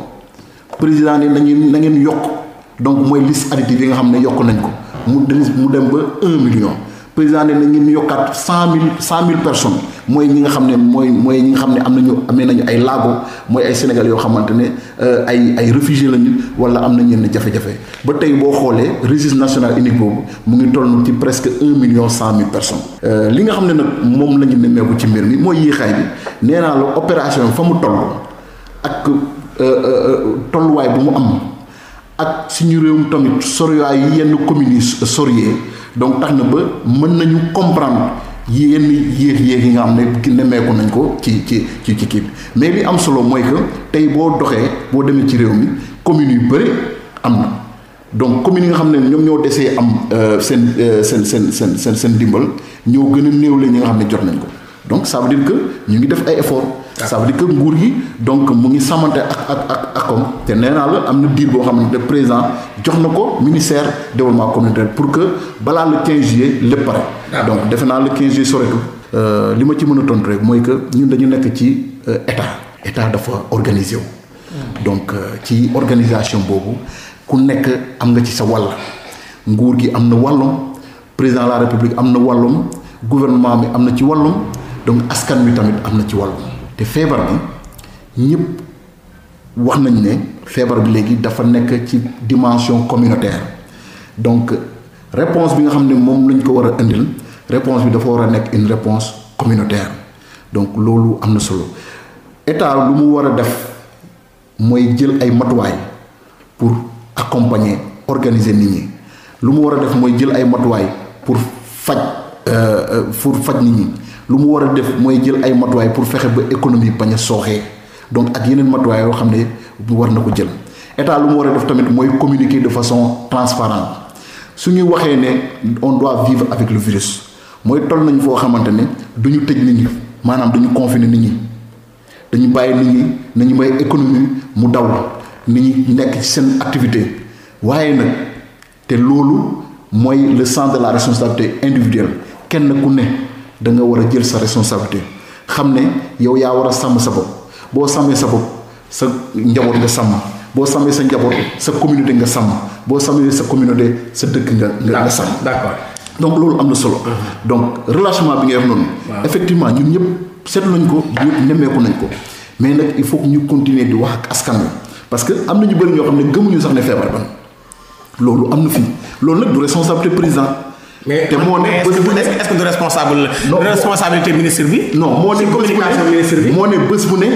président ne na ngeen na ngeen yokk. donc mooy liste additive yi nga xam ne yokk nañ ko mu dem mu ba un million président ne na ngeen yokkaat cent mille cent mille personnes mooy ñi nga xam ne mooy mooy ñi nga xam ne am nañu amee nañu ay laago mooy ay Sénégal yoo xamante ne euh, ay ay réfugié lañu wala am nañ yenn jafe-jafe ba tey boo xoolee registre national unique boobu mu ngi toll ci presque un million cent mille personnes. Euh, li nga xam ne nag moom la ñu nemmeeku ci mbir mi mooy yéexaay bi nee la opération fa mu toll ak euh, tolluwaay bu mu am. ak suñu mi tamit soriwaay yi yenn communes yi sorier donc tax na ba mën nañu comprendre yenn yéex yéex yi nga xam ne nemmeeku nañ ko ci ci ci ci kii bi mais li am solo mooy que tey boo doxee boo demee ci réew mi communes yu bëri am na donc communes yi nga xam ne ñoom ñoo desee am euh, euh, seen seen seen seen seen seen dimbal ñoo gën a néew la ñi nga xam ne jot nañ ko donc ça veut dire ñu ngi def ay efforts. ça veut dire que nguur gi donc mu ngi sàmmante ak ak ak akom te nee naa la am na diir boo xam ne président jox na ko ministère développement communautaire pour que balaa le 15 juillet lépp pare. Ah. donc defe naa le 15 juillet soreetul. Euh, li ma ci mën a tontu rek mooy que ñun dañu nekk ci euh, état. état dafa organisé wu. Hmm. donc euh, ci organisation boobu ku nekk am nga ci sa wàll. nguur gi am na wàllum président la république am na wàllum gouvernement bi am na ci wàllum donc askan wi tamit am na ci wàllum. te feebar bi ñëpp wax nañ ne feebar bi léegi dafa nekk ci dimension communautaire donc réponse bi nga xam ne moom lañ ko war a indil réponse bi dafa war a nekk une réponse communautaire donc loolu am na solo état lu mu war a def mooy jël ay matuwaay pour accompagner organiser nit ñi lu mu war a def mooy jël ay matuwaay pour faj euh, euh, pour faj nit ñi lu mu war a def mooy jël ay matuwaay pour fexe ba économie bañ sooxee donc ak yeneen matuwaay yoo xam ne mu war na ko jël état lu mu war a def tamit mooy communiquer de façon transparente su ñu waxee ne on doit vivre avec le virus mooy toll nañ foo xamante ne ñu tëj nit ñi maanaam dañu confiner nit ñi dañu bàyyi nit ñi nañu may économie mu daw nit ñi nekk ci seen activité waaye nag te loolu mooy le sens de la responsabilité individuelle kenn ku ne. da nga war a jël sa responsabilité xam ne yow yaa war a sàmm sa bopp boo sàmmee sa bopp sa njaboot nga sàmm boo sàmmee sa njaboot sa communauté nga sàmm boo sàmmee sa communauté sa dëkk nga nga sàmm. d'accord donc loolu am na solo. Uh-huh. donc relâchement bi nga wax noonu. effectivement ñun ñëpp seetlu nañ ko ñëpp nañ ko mais nag il faut ñu continuer di wax askan wi que am na ñu bëri ñoo xam ne gëmuñu sax ne feebar ban loolu am na fii loolu nag du responsabilité président. mais te moo nekk bés bu ne est-ce que du responsable la. responsabilité ministre bi. non moo ne communication ministre bi moo ne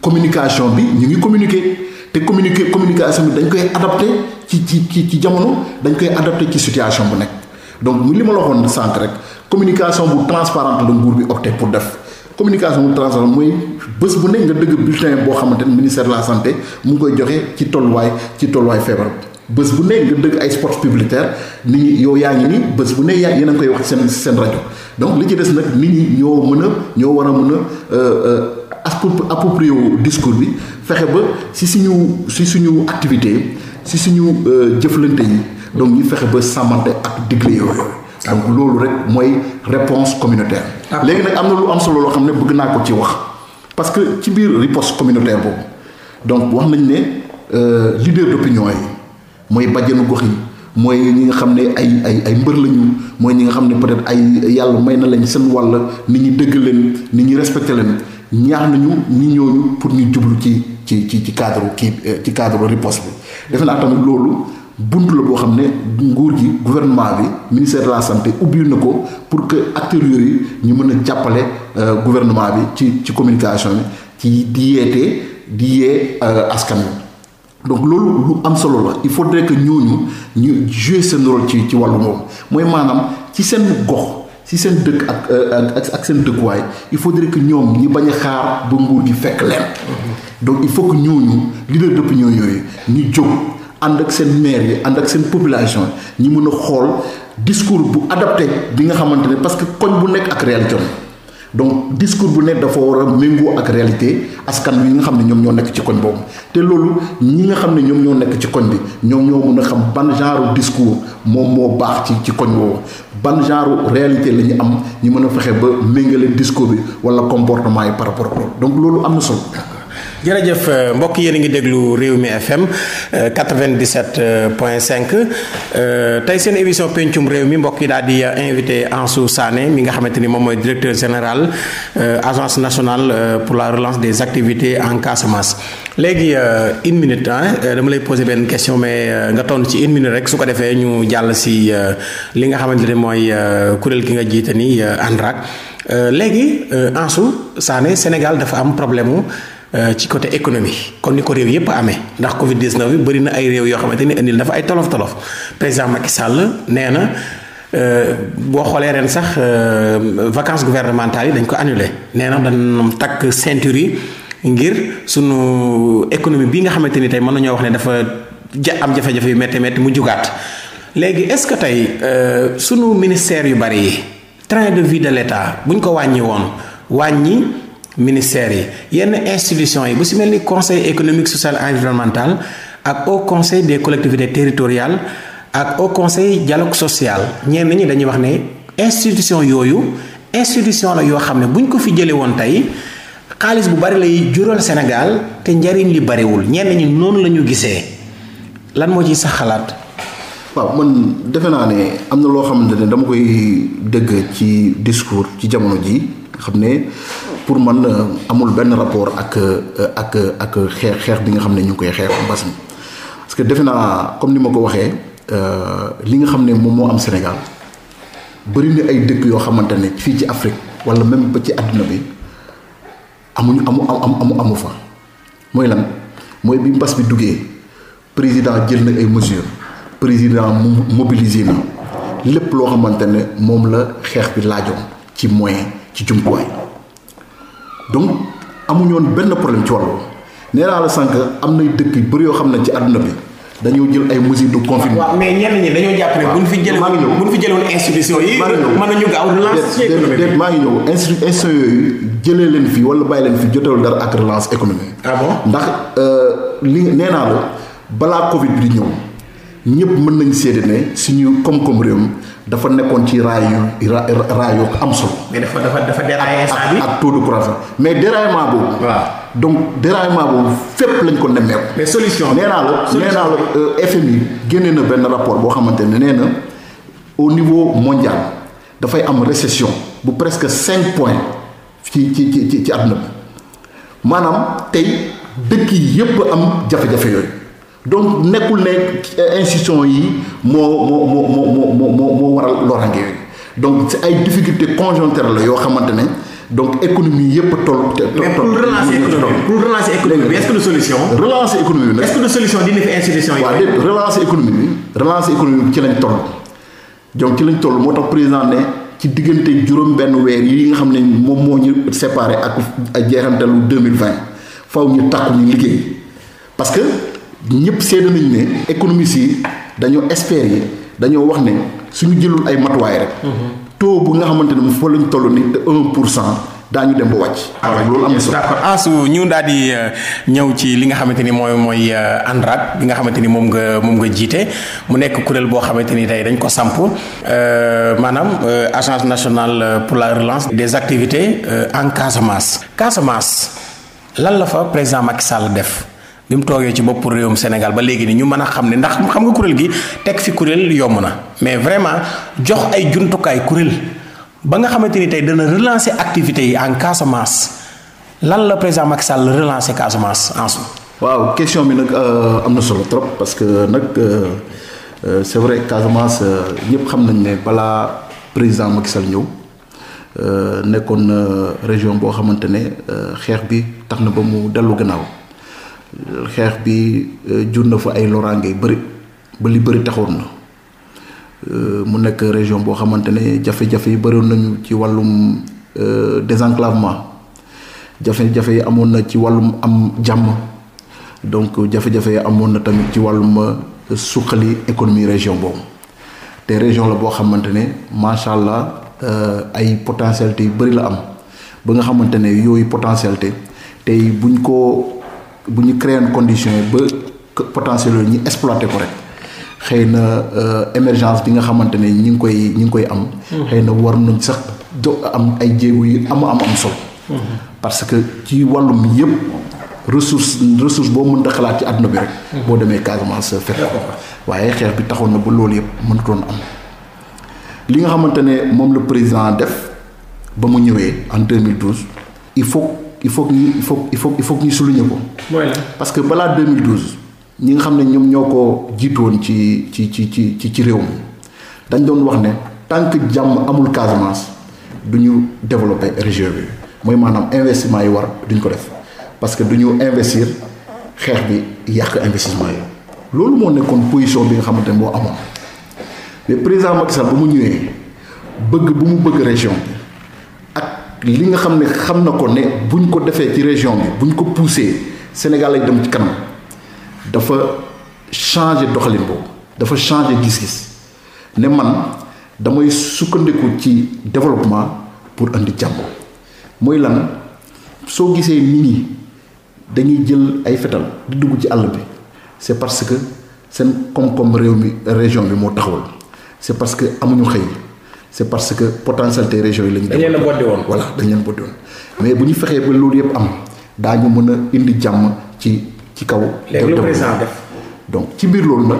communication bi ñu ngi communiqué te communiquer communication bi dañ koy adapté ci ci ci jamono dañ koy adapté ci situation bu nekk donc mu li ma la waxoon sànq rek communication bu transparente la nguur bi opté pour def. communication bu transparente mooy bës bu nekk nga dëgg bulletin boo xamante ne ministère la santé mu ngi koy joxe ci tolluwaay ci tolluwaay feebar bës bu nekk dëgg ay sport publicitaire nit ñi yow yaa ngi nii bés bu nekk yaa yéen a koy wax seen seen rajo donc li ci des nag nit ñi ñoo mën a ñoo war a mën a euh, euh, approprier wu discours bi fexe ba si suñu si suñu activité si suñu euh, jëflante yi donc ñu fexe ba sàmmante ak digle yooyu donc loolu rek mooy réponse communautaire léegi nag am na lu am solo loo xam ne bëgg naa ko ci wax parce que ci biir riposte communautaire boobu donc wax nañ ne leader d'opinion yi mooy bajjanu gox yi mooy ñi nga xam ne ay ay ay mbër lañu mooy ñi nga xam ne peut-être ay yàlla may na lañ seen wàll nit ñi dëgg leen ni ñi respecté leen ñaax nañu ñi ñooñu pour ñu jublu ci ci ci ci cadre kii euh, ci cadre riposte bi. defe naa tamit loolu bunt la boo xam ne nguur gi gouvernement bi ministère de la santé ubbil na ko pour que acteurs yi ñu mën a jàppale euh, gouvernement bi ci ci communication bi ci di yeete di yee euh, askan wi. donc loolu lu am solo la il faut faudrait que ñooñu ñu jouer seen rôle ci ci wàllu moom mooy maanaam ci seen gox ci seen dëkk ak euh, ak ak seen dëkkuwaay il faudrait que ñoom ñi bañ a xaar ba nguur gi fekk leen. donc il faut que ñooñu leader d'opinion yooyu ñu jóg ànd ak seen maire yi ànd ak seen population ñi mën a xool discours bu adapté bi nga xamante ne parce que koñ bu nekk ak réalité donc discours bu ne dafa war a méngoo ak réalité askan wi nga xam ne ñoom ñoo nekk ci koñ boobu te loolu ñi nga xam ne ñoom ñoo nekk ci koñ bi ñoom ñoo mën a xam ban genre discours moom moo baax ci ci koñ boobu ban genre réalité la ñu am ñu mën a fexe ba méngale discours bi wala comportement yi par rapport donc loolu am na solo. jërëjëf euh, mbokk yéen a ngi déglu réew mi FM 97 point 5 euh, tey seen émission pencum réew mi mbokk yi daal di euh, invité Ansou Sané mi nga xamante ni moom mooy directeur général agence nationale pour la relance des activités en Casamance. léegi une minute ah dama lay poser benn question mais nga tontu ci une rek su ko defee ñu jàll si li nga xamante ne mooy kuréel gi nga jiite ni ANRAC léegi Ansou Sané Sénégal dafa am problème Euh, ci côté économie kon ni ko réew yépp amee ndax Covid 19 bi bëri na ay réew yoo xamante ni indil dafa ay tolof tolof président Macky Sall nee na euh, boo xoolee ren sax euh, vacances gouvernementales yi dañ ko annulé nee na dañ takk ceinture yi ngir sunu économie bi nga xamante ni tey mën nañoo wax ne dafa ja am jafe-jafe yu métti métti mu jugaat léegi est-ce que tey sunu ministère yu bëri yi train de vie de l'État buñ ko wàññi woon wàññi. ministères yi yenn institutions yi bu si mel ni conseil économique social environnemental ak au conseil des collectivités territoriales ak au conseil dialogue social ñenn ñi dañuy wax ne institution yooyu institution la yoo xam ne bu ñu ko fi jëlee woon tey xaalis bu bari lay jural Sénégal te njariñ li bariwul ñenn ñi noonu la ñu gisee lan moo ci sax xalaat. waaw man defe naa ne am na loo xamante ne dama koy dëgg ci discours ci jamono ji xam ne. pour man euh, amul benn rapport ak euh, ak ak xeex xeex bi nga xam ne ñu ngi koy xeex mbas mi parce que defe naa comme ni ma ko waxee euh, li nga xam ne moom moo am Sénégal bëri ay dëkk yoo xamante ne fii ci Afrique wala même ba ci àdduna bi amuñu amu amu amu fa mooy lan mooy bi mbas bi duggee président jël nag ay mesures président mu mobilisé na lépp loo xamante ne moom la xeex bi laajoon ci moyen ci jumtuwaay. donc amuñu woon benn problème ci wàllu nee la sànq am nay dëkk yu yoo xam ne ci àdduna bi dañoo jël ay mesures de confinement. waaw mais ñenn ñi dañoo jàpp bu buñ fi jëlee. maa ngi ñëw fi jëloon institution yi. maa ngi ñëw mën nañu gaaw relance économique déet maa jëlee leen fii wala bàyyi leen fi jotewul dara ak relance économique. ah bon ndax euh, li nee la balaa Covid bi di ñëw ñëpp mën nañ seede ne suñu koom-koom réewam dafa nekkoon ci raay ra raay yu am solo. mais dafa dafa dafa déraillé instant bi mais déraillement boobu. waaw donc déraillement boobu fépp lañ ko nemmeeku. mais solution nee naa la nee euh, FMI génnee na benn rapport boo xamante ne nee na au niveau mondial dafay am récession bu presque cinq points ci ci ci ci àdduna bi maanaam tey dëkk yi yépp am jafe-jafe yooyu. donc nekkul ne euh, institution yi moo moo moo moo moo moo waral loraange yooyu donc ci ay difficultés conjoncturelles la yoo xamante ne donc économie yëpp toll. te pour relancer économie pour relancer économie bi est-ce solution. relancer économie bi solution dina fi institution yi. waaw déet relancer ci lañ toll donc ci lañ toll moo tax président ne ci diggante juróom-benn weer yi nga xam ne moom moo ñu séparé ak ak jeexantalu deux mille vingt faw ñu takku ñu liggéey parce ñëpp seede nañ ne économistes yi dañoo experts yi dañoo wax ne suñu jëlul ay matuwaay rek. Mm-hmm. taux bu nga xamante ne mu fa lañ toll nii te un pour cent. daañu dem ba wàcc. waaw ah, loolu am na solo ah, ñu daal di euh, ñëw ci li nga xamante ni mooy mooy euh, ANRAD bi nga xamante ni moom nga moom nga jiite mu nekk kuréel boo xamante ni tey dañ ko samp euh, maanaam agence nationale pour la relance des activités en Casamance. Casamance lan la fa président Macky Sall def. bi mu toogee ci boppu bopp mu Sénégal ba léegi ni ñu mën a xam ne ndax xam nga kuréel gi teg fi kuréel yomb na mais vraiment jox ay jumtukaay kuréel ba nga xamante ni tey dana relancer activités yi en Casamance lan la président Macky Sall relancer Casamance en waaw question bi nag euh, am na solo trop parce que nag euh, euh, c'est vrai Casamance ñëpp xam nañ ne balaa président Macky Sall ñëw. nekkoon na région boo xamante ne xeex bi tax na ba mu dellu gannaaw xeex bi euh, jur na fa ay loraange yu bëri ba li bëri taxoon na euh, mu nekk région boo xamante ne jafe-jafe yi bëri nañu ci wàllum euh, désenclavement jafe-jafe yi amoon na ci wàllum am jàmm donc jafe-jafe yi amoon na tamit ci wàllum suqali économie région boobu te région la boo xamante ne macha allah ay potentialité yu bëri la am ba nga xamante ne yooyu potentialité tey buñ ko bu ñu créé condition yi ba potentiel yooyu ñu exploité ko rek xëy na euh, émergence bi nga xamante ne ñi ngi koy ñi ngi koy am. xëy na war nañ sax do am ay jéego yu am am am que ci wàllum yëpp ressource ressource boo mën a xalaat ci àdduna bi rek. demee Casamance fekk waaye xeex bi taxoon na ba loolu yëpp mënutoon am. nga xamante ne moom la président def ba mu ñëwee en 2012 il faut. il faut que ñu il faut il faut il faut que ñu souligner ko. parce que balaa 2012 ñi nga xam ne ñoom ñoo ko jiitoon ci ci ci ci ci réew mi dañ doon wax ne tant que jàmm amul Casamance du ñu développer région bi mooy maanaam investissement yi war duñ ko def parce que du ñu investir xeex bi yàq investissement yi. loolu moo nekkoon position bi nga xamante ne moo amoon mais président Macky Sall ba mu ñëwee bëgg bu mu bëgg région li nga xam ne xam na ko ne bu buñ ko defee ci région bi buñ ko poussé Sénégal lay dem ci kanam dafa changer doxalin boobu dafa changer gis-gis ne man damay sukkandiku ci développement pour andi jàmm mooy lan soo gisee nit ñi dañuy jël ay fetal di dugg ci àll bi c'est parce que seen koom-koom réew mi région bi moo taxawal c'est parce que amuñu xëy. c'est parce que potentialité région yi la ñu. dañ leen boddi woon voilà dañ leen boddi woon mais bu ñu fexee ba loolu yëpp am daañu mën a indi jàmm ci ci kaw. léegi lu président donc ci biir loolu nag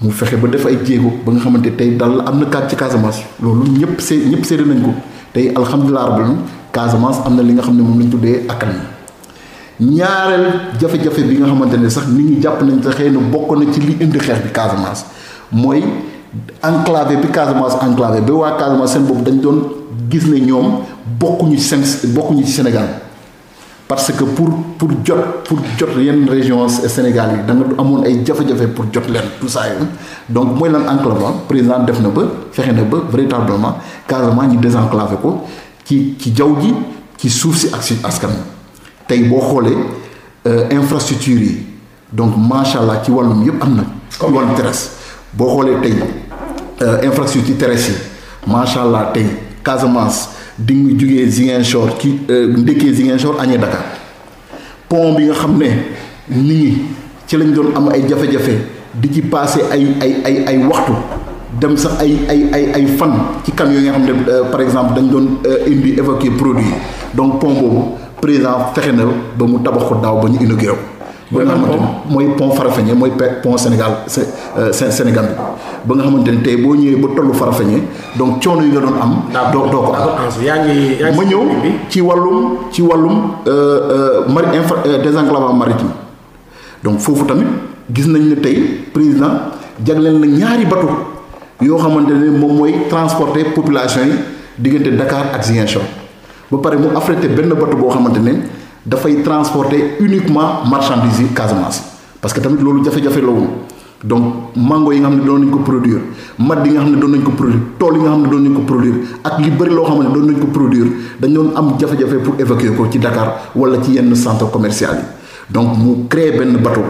mu fexe ba def ay jéego ba nga xamante tey dal am na kaat ci Casamance loolu ñëpp see ñëpp seede nañ ko tey alhamdulilah rabbil alamin Casamance am na li nga xam ne moom lañ tuddee akkan ñaareel jafe-jafe bi nga xamante ne sax nit ñi jàpp nañ te xëy na bokk na ci li indi xeex bi mooy. enclavé bi Casamance enclavé ba waa Casamance seen bopp dañ doon gis ne ñoom bokkuñu ci seen bokkuñu ci Sénégal parce que pour pour jot pour jot yenn région Sénégal yi da nga amoon ay jafe-jafe pour jot leen tout ça yooyu donc mooy leen enclavement président def na ba fexe na ba véritablement Casamance ñu désenclavé ko ci ci jaww ji ci suuf si ak si askan tey boo xoolee euh, infrastructure yi donc macha allah ci wàllum yëpp am na. ci wàllu terrasse boo xoolee tey. Euh, infrastructure terrestre yi macha allah tey Casamance di nga jugee Ziguinchor ci euh, ndekkee Ziguinchor añee Dakar pont bi nga xam ne nit ñi ci lañ doon am ay jafe-jafe di ci passé ay ay ay ay waxtu dem sax ay ay ay ay fan ci camion yi nga xam ne euh, par exemple dañ doon indi évacuer produit donc pont boobu président fexe na ba mu tabax ko daaw ba ñu inauguré ko ba nga xamante ne mooy pont Farafeñe mooy pont Sénégal euh, Sénégal bi ba nga xamante ne tey boo ñëwee ba tollu Farafeñe donc coono yi nga doon am. doo doo ko am ma ñëw ci wàllum ci wàllum euh, euh, mari infra désenclavement maritime donc foofu tamit gis nañ ne tey président jagleel la ñaari bateau yoo xamante ne moom mooy transporter population yi diggante Dakar ak Ziguinchor ba pare mu affrété benn bateau boo xamante ne. dafay transporter uniquement marchandises yi Casamance parce que tamit loolu jafe-jafe la woon donc mango yi nga xam ne doon nañ ko produire mat yi nga xam ne doon nañ ko produire tool yi nga xam ne doon nañ ko produire ak li bëri loo xam ne doon nañ ko produire dañ doon am jafe-jafe pour évacuer ko ci Dakar wala ci yenn centre commercial yi donc mu créer benn bato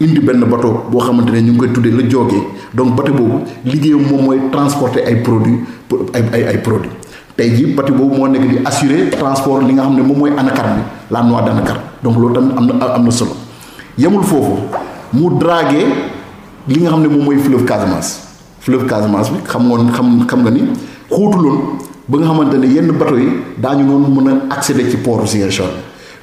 indi benn bato boo xamante ne ñu ngi koy tuddee la joogee donc bateau boobu liggéeyam moom mooy transporter ay produits ay ay ay produits. tey jii bati boobu moo nekk di assurer transport li nga xam ne moom mooy anacarde bi la noix d'anacarde donc loolu tamit am na am na solo yemul foofu mu draguer li nga xam ne moom mooy fleuve Casamance fleuve Casamance bi xam ngoon xam xam nga ni xóotuloon ba nga xamante ne yenn bateau yi daañu noonu mën a accéder ci port Ziguinchor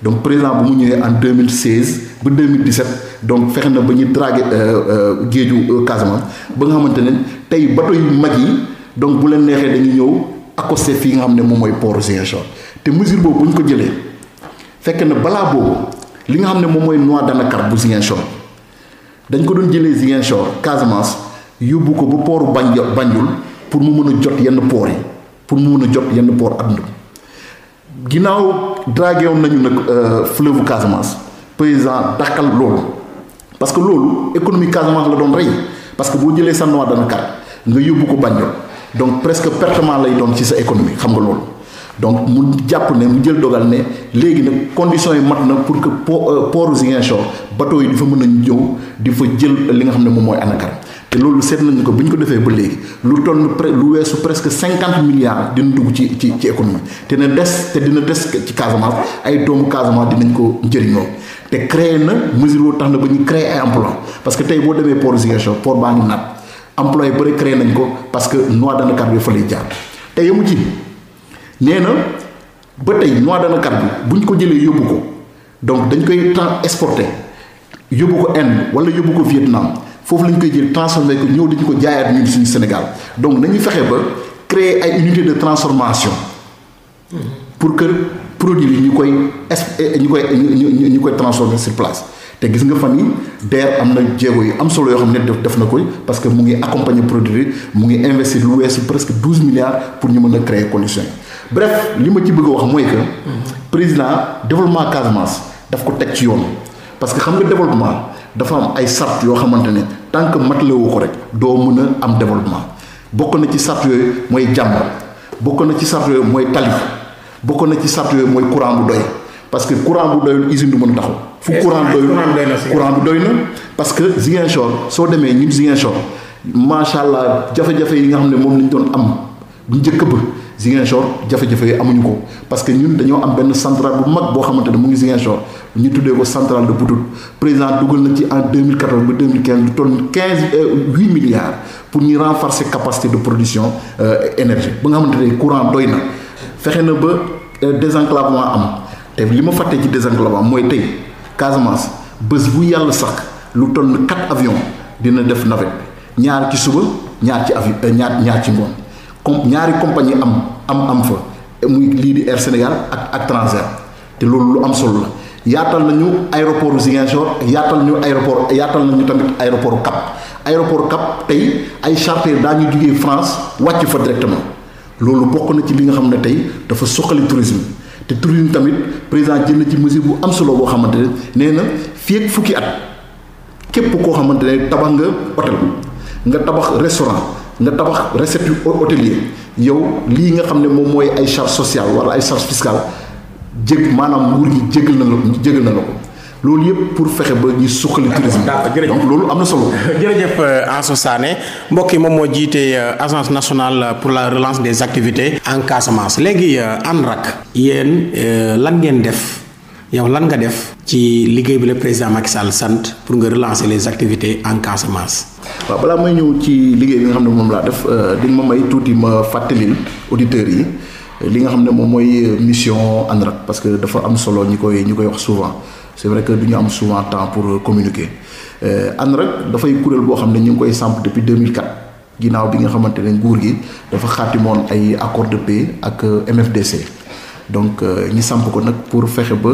donc président bu mu ñëwee en 2016 ba 2017 donc fexe na ba ñu draguer euh, euh, géeju euh, Casamance ba nga xamante ne tey bateau yu mag yi donc bu leen neexee dañuy ñëw. accosté fii nga xam ne moom mooy port Ziguinchor te mesure boobu bu ñu ko jëlee fekk na balaa boobu li nga xam ne moom mooy noix d'anacarde bu Ziguinchor dañ ko doon jëlee Ziguinchor Casamance yóbbu ko ba pooru Banj Banjul pour mu mën a jot yenn port yi pour mu mën a jot yenn port adduna ginnaaw dragué woon nañu nag euh, fleuve Casamance président dàqal loolu parce que loolu économie Casamance la doon rey parce que boo jëlee sa noix d'anacarde nga yóbbu ko Banjul donc presque pertement lay doon ci sa économie xam nga loolu donc mu jàpp ne mu jël dogal ne léegi nag conditions yi mat na pour que po euh, port Ziguinchor bateau yi di fa mën a ñëw di fa jël li nga xam ne moom mooy anacar te loolu seet nañu ko bu ñu ko defee ba léegi lu toll pre lu weesu presque cinquante milliards dina dugg ci ci ci économie te na des te dina des ci Casamance ay doomu Casamance dinañ ko njëriñoo te créer na mesure woo tax na ba ñu créé ay emploi que tey boo demee port Ziguinchor port baa emploi bëri créer nañ ko parce que noix d'anacarde bi fa lay jaar te yamu ci nee na ba tey noix d'anacarde bi bu ñu ko jëlee yóbbu ko donc dañ koy trans exporté yóbbu ko Inde wala yóbbu ko Vietnam foofu lañ koy jël transformé ko ñëw dañu ko jaayaat ñun suñu Sénégal donc nañu fexe ba créer ay unité de transformation pour kër produit yi ñu koy ñu koy ñu ñu koy transformer sur place te gis nga fan ni DER am na jéego yi am solo yoo xam ne def def na koy parce que mu ngi accompagner produit mu ngi investir lu weesu presque douze milliards pour ñu mën a créer condition yi bref li ma ci bëgg a wax mooy que. président développement Casamance daf ko teg ci yoon. parce que xam nga développement dafa am ay sart yoo xamante ne tant que matalewoo ko rek doo mën a am développement bokk na ci sart yooyu mooy jàmm bokk na ci sart yooyu mooy tali bokk na ci sart yooyu mooy courant bu doy parce que courant bu doyul taxaw. fu courant doy na bi doy na parce que Ziguinchor soo demee ñun Ziguinchor macha allah jafe-jafe yi nga xam ne moom lañ doon am bu njëkk ba Ziguinchor jafe-jafe yi amuñu ko parce que ñun dañoo am benn centrale bu mag boo xamante ne mu ngi Ziguinchor ñu tuddee ko centrale de Poudre président dugal na ci en 2014 ba 2015 lu toll 15 8 euh, milliards pour ñu renforcer capacité de production euh, énergie ba nga xamante ne courant doy na fexe na ba euh, désenclavement am te li ma fàttee ci désenclavement mooy tey. Casamance bés bu yàlla sax lu toll ni quatre dina def navette ñaar ci suba ñaar ci avion eh, ñaar ñaar ci ngoon comme ñaari compagnie am am am fa muy lii di Air Sénégal ak ak Transair te loolu lu am solo la yaatal nañu aéroport Ziguinchor yaatal ñu aéroport yaatal nañu tamit aéroport Cap aéroport Cap tey ay charter daañu jugee France wàcc fa directement loolu bokk na ci li nga xam ne tey dafa suqali tourisme te turin tamit président jël na ci mesure bu am solo boo xamante ne nee na fii ak fukki at képp koo xamante ne tabax nga hôtel nga tabax restaurant nga tabax recette hôtelier yow lii nga xam ne moom mooy ay charge sociale wala ay charge fiscale jég maanaam nguur gi jégal na la ko jégal na la ko loolu yëpp pour fexe ba ñuy suqali tourisme donc loolu am na solo. jërëjëf euh, Anso Sané mbokk yi moom moo jiitee euh, agence nationale pour la relance des activités en Casamance léegi euh, ANRAC yéen lan ngeen def yow lan nga def ci liggéey bi la président Macky Sall sant pour nga relancer les activités en Casamance. waaw balaa may ñëw ci liggéey bi nga xam ne moom laa def di ma may tuuti ma fàttalil auditeurs yi li nga xam ne moom mooy mission ANRAC parce que dafa am solo ñi koy ñi koy wax souvent. c'est vrai que du ñu am souvent temps pour euh, communiquer euh, ANRAC dafay kuréel boo xam ne ñu ngi koy samp depuis 2004 ginnaaw bi nga xamante ne nguur gi dafa xaatimoon ay accord de paix ak euh, MFDC donc ñi samp ko nag pour fexe ba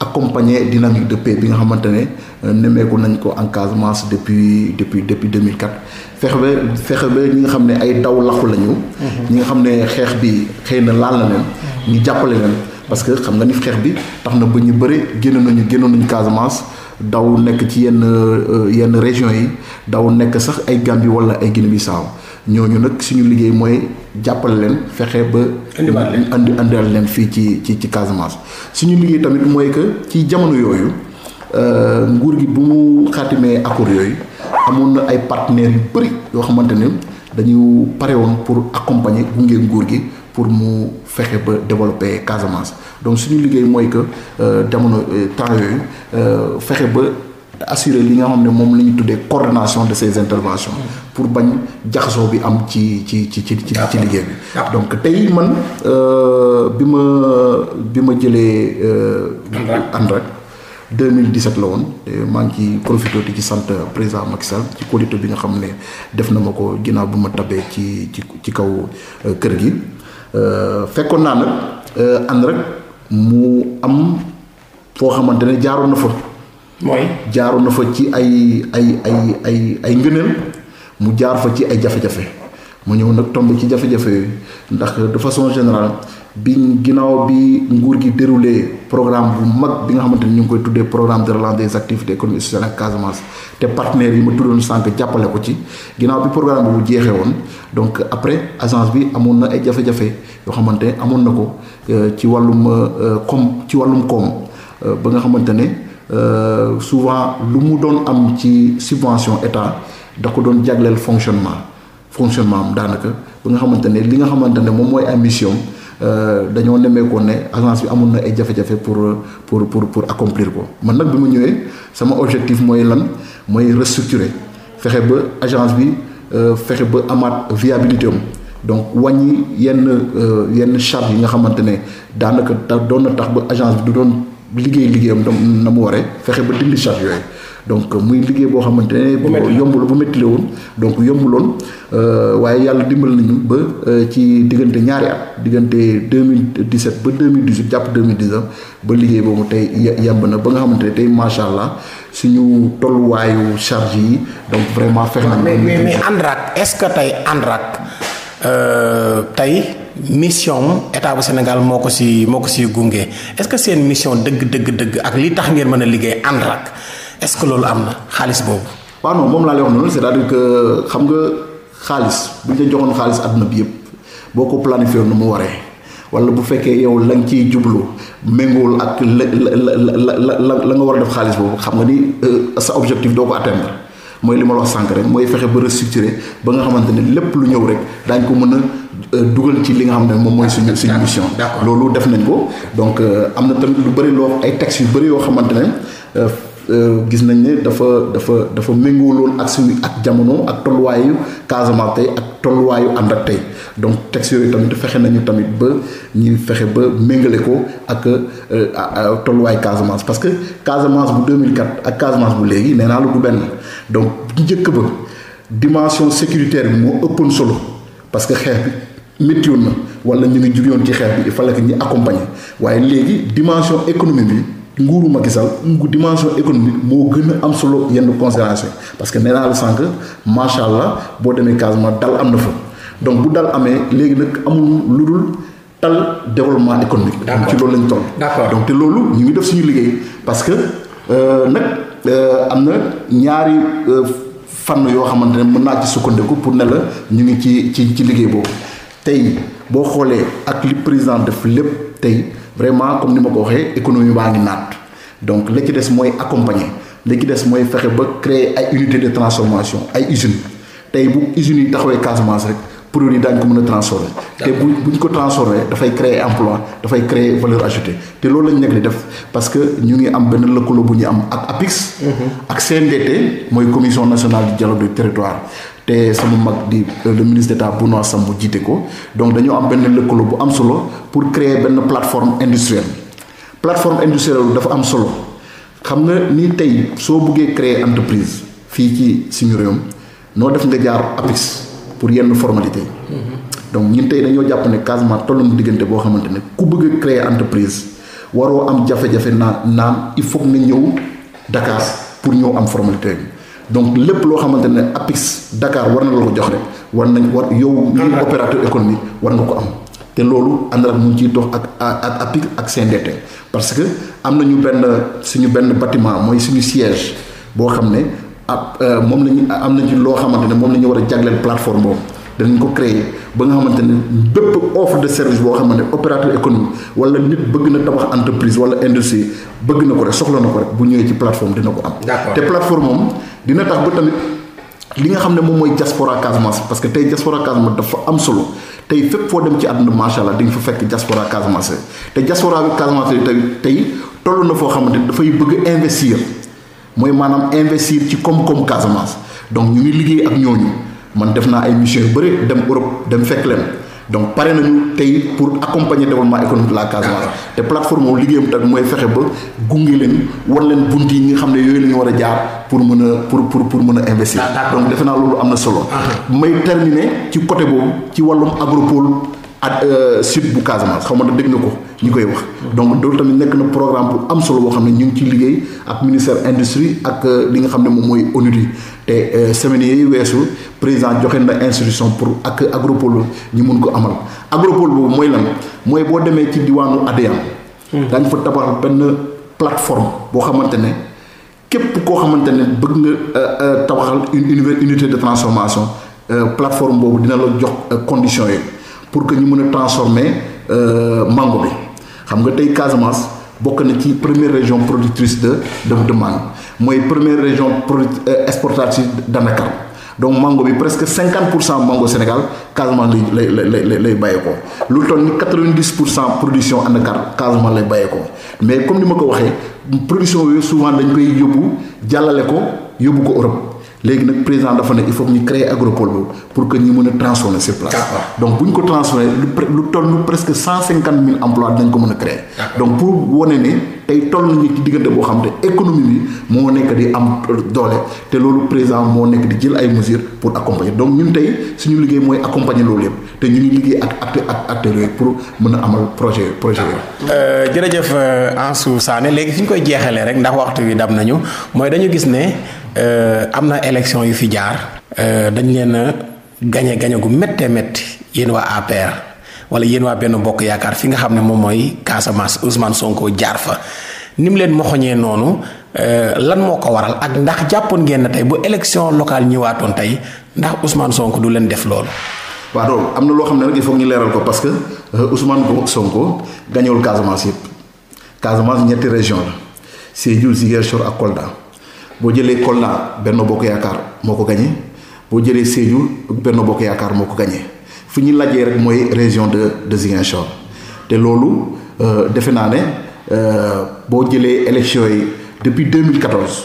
accompagner dynamique de paix bi nga xamante ne nemmeeku nañ ko en Casamance depuis depuis depuis 2004 fexe ba fexe ba ñi nga xam ne ay daw laxu lañu. Mm-hmm. ñi nga xam ne xeex bi xëy na laal na leen. Mm-hmm. ñu jàppale leen. parce que xam nga ni xeex bi tax na ba ñu bëri génn nañu génnoon nañu Casamance daw nekk ci yenn euh, yenn régions yi daw nekk sax ay Gambie wala ay Guinée-Bissau ñooñu nag suñu liggéey mooy jàppale leen fexe ba. indiwaat leen andi andiwaat leen fii ci ci ci Casamance. suñu liggéey tamit mooy que ci jamono yooyu euh, nguur gi bu mu xaatimee accord yooyu amoon na ay partenaires yu bëri yoo xamante ne dañu pare woon pour accompagner gunge nguur gi pour mu. fexe ba développer Casamance donc suñu liggéey mooy que euh, jamono euh, temps yooyu euh, fexe ba assurer li nga xam ne moom la ñu tuddee coordination de ces interventions pour bañ jaxasoo bi am ci ci ci ci ci liggéey bi donc tey man bi ma bi ma jëlee ANRAC 2017 la woon maa ngi ciy profité ci sant président Macky ci qualité bi nga xam ne def na ma ko ginnaaw bu ma tabee ci ci ci kaw kër gi Euh, fekkoon naa nag euh, ànd rek mu am foo xamante ne jaaroon na fa. mooy jaaroon na fa ci ay ay ay ay ay ngëneel mu jaar fa ci ay jafe-jafe mu ñëw nag tomb ci jafe-jafe yooyu ndax de façon générale. bi ginnaaw bi nguur gi déroulé programme bu mag bi nga xamante ni ñu ngi koy tuddee programme de relance des activités économiques sociales ak te partenaires yi ma tuddoon sànq jàppale ko ci ginnaaw bi programme bi bu jeexee woon donc après agence bi amoon na ay jafe-jafe yoo xamante ne amoon na ko euh, ci wàllum euh, koom ci wàllum koom euh, ba nga xamante ne souvent lu mu doon am ci subvention état da ko doon jagleel fonctionnement fonctionnement am daanaka ba nga xamante ne li nga xamante ne moom mooy ambition Euh, dañoo nemmeekoon ne agence bi amoon na ay jafe-jafe pour pour pour pour accomplir ko man nag bi ma ñëwee sama objectif mooy lan mooy restructurer fexe ba agence bi euh, fexe ba amaat viabilité am donc wàññi yenn euh, yenn charge yi nga xamante ne daanaka doon na tax ba agence bi du doon liggéey liggéeyam na mu waree fexe ba dindi charge yooyu. donc muy liggéey boo xamante ne bu yombul bu métti la woon donc yombuloon euh, waaye yàlla dimbal nañu ba euh, ci diggante ñaari at diggante 2017 ba deux 2018 jàpp 2019 ba liggéey boobu tey yemb na ba nga xamante ne tey macha allah suñu tolluwaayu charge yi donc vraiment fex na mais mais ANRAC est-ce que tey ANRAC euh, tey mission état bu Sénégal moo ko si moo ko si gunge est-ce que seen mission dëgg dëgg dëgg ak li tax ngeen mën a liggéey ANRAC est-ce que loolu am na xaalis boobu. waaw non moom laa lay wax noonu c'est-à-dire que xam nga xaalis bu ñu la joxoon xaalis àdduna bi yëpp boo ko planifié nu mu waree wala bu fekkee yow lañ nga ciy jublu méngool ak la la la nga war a def xaalis boobu xam nga ni euh, sa objectif doo ko atteindre mooy li ma la wax sànq rek mooy fexe ba restructurer ba nga xamante ne lépp lu ñëw rek daañ ko mën a. Euh, dugal ci li nga xam ne moom mooy suñu suñu mission loolu def ko donc euh, am na tamit lu bëri loo ay textes yu bëri yoo xamante ne Euh, gis nañ ne dafa dafa dafa méngóo ak suñu ak jamono ak tolluwaayu Casamance tey ak tolluwaayu ànd ak tey donc textes yooyu tamit fexe nañu tamit ba ñuy fexe ba méngale ko ak euh, tolluwaayu Casamance parce que Casamance bu 2004 ak Casamance bu léegi nee naa lu du benn donc bu njëkk ba dimension sécuritaire bi moo ëppoon solo parce que xeex bi méttiwoon na wala ñu ngi jugewoon ci xeex bi il fallait ñi ñu accompagner waaye léegi dimension économique bi. nguuru Macky Sall ngu dimension économique moo gën a am solo yenn considération parce que nee naa sànq macha allah boo demee Casamance dal am na fa donc bu dal amee léegi nag amul lu dul tal développement économique. ci loolu lañ toll. d'accord donc te loolu ñu ngi def suñu liggéey parce que euh, nag euh, am na ñaari euh, fànn yoo xamante ne mën naa ci sukkandiku pour ne la ñu ngi ci ci ci liggéey boobu tey boo xoolee ak li président def lépp tey. vraiment comme ni ma ko waxee économie baa ngi naat donc la ci des mooy accompagner la des mooy fexe ba créer ay unité de transformation ay usines tey bu usines yi taxawee Casamance rek produit daañu ko mën a transformer te bu bu ko transformer dafay créer emploi dafay créer valeur ajouté te loolu lañu nekk li def parce que ñu ngi am benn lëkkaloo bu ñu am ak APIX mhm. ak seen CNDT mooy commission nationale du dialogue du territoire te sama mag di euh, le ministre d'état Benoît Sambou jiite ko donc dañoo am benn lëkkaloo bu am solo pour créer benn plateforme industrielle plateforme bi dafa am solo xam nga ni tey soo buggee créer entreprise fii ci suñu réewam noo def nga jaar APIX pour yenn formalité mm-hmm. donc ñun tey dañoo jàpp ne Casamance tollu diggante boo xamante ne ku bëgg a créer entreprise waroo am jafe-jafe naan naan il faut nga ñëw Dakar pour ñëw am formalité bi donc lépp loo xamante ne APIX Dakar war na la ko jox rek war nañ war yow. yow opérateur économique war nga ko am. te loolu ANRAL mu ngi ciy dox ak ak APIX ak CNDT parce que am nañu benn suñu benn bâtiment mooy suñu siège boo xam ne ab euh, moom la ñu am nañu loo xamante ne moom lañu war a jagleel plateforme boobu. danañ ko créer ba nga xamante ne bépp offre de service boo xamante ne opérateur économique wala nit bëgg na tabax entreprise wala industrie bëgg na ko rek soxla na ko rek bu ñëwee ci plateforme dina ko am. te plateforme moom dina tax ba tamit li nga xam ne moom mooy diaspora Casamance parce que tey diaspora Casamance dafa am solo tey fépp foo dem ci àdduna macha allah di nga fa fekk diaspora Casamance te diaspora bi Casamance yi tey tey toll na foo xamante ne dafay bëgg investir mooy maanaam investir ci koom Casamance donc ñu liggéey ak ñooñu. man def naa ay mission yu bëri dem Europe dem fekk leen donc pare nañu tey pour accompagner développement économique de la Casamance te plateforme moom liggéeyam tamit mooy fexe ba gunge leen wan leen bunt yi nga xam ne yooyu la ñu war a jaar pour mën a pour pour pour mën a investir donc defe naa loolu am na solo may terminer ci côté boobu ci wàllum agropole ak euh, sud bu Casamance xaw ma da dégg na ko ñu koy wax. donc loolu tamit nekk na programme bu am solo boo xam ne ñu ngi ciy liggéey ak ministère industrie ak euh, li xam ne moom mooy ONUD yi te euh, semaines yi weesu président joxe na instruction pour ak agropole ñi mun ko amal agropole boobu mooy lan mooy boo demee ci diwaanu Adéane. Hmm. daañu fa tabax benn plateforme boo xamante ne képp koo xamante ne bëgg nga tabaxal une unité de transformation plateforme boobu dina la jox conditions yi pour que ñu mën a transformer euh, mango bi xam nga tey Casamance bokk na ci première région productrice de de de mango mooy première région produ euh, exportatrice d'anacarde donc mango bi presque cinquante pour cent mango Sénégal Casamance lay lay lay lay bàyyeekoo lu toll ni quatre vingt dix pour cent production anacarde Casamance lay bàyyeekoo mais comme ni ma ko waxee production yooyu souvent dañ koy yóbbu jàllale ko yóbbu ko Europe. léegi nag président dafa ne il faut que ñu créer agropole boobu pour que ñu mën a transformer sur place. donc bu ko transformer lu pre lu toll presque cent cinquante mille emplois dinañ ko mën a créer. donc pour wane ne tey toll nañu diggante boo xam te économie bi moo nekk di am doole te loolu président moo nekk di jël ay mesures pour accompagner donc ñun tey suñu liggéey mooy accompagner loolu yëpp te ñu ngi liggéey ak ak acteurs pour mën a amal projet projet yooyu. Euh, jërëjëf euh, Ansou Sané léegi fi koy jeexalee rek ndax waxtu wi dab nañu mooy dañu gis ne. Euh, am na élection yu fi jaar euh, dañ leen a gañe gañe gu méttee métti yéen waa APR wala yéen waa benn bokk yaakaar fi nga xam ne moom mooy Casamance Ousmane Sonko jaar fa ni mu leen moxoñee noonu euh, lan moo ko waral ak ndax jàppoon ngeen ne tey bu élection locale ñëwaatoon tey ndax Ousmane Sonko du leen def loolu. waaw loolu am na loo xam ne nag i faut ñu leeral ko parce que Ousmane Sonko gañewul Casamance yëpp Casamance ñetti région la si Sédhiou Ziguinchor ak Kolda. boo jëlee Kolda Benno Bokk Yaakaar moo ko gagné boo jëlee Sédhiou Benno Bokk Yaakaar moo ko gagné fi ñu lajjee rek mooy région de de Ziguinchor te loolu euh, defe naa ne euh, boo jëlee élection yi depuis 2014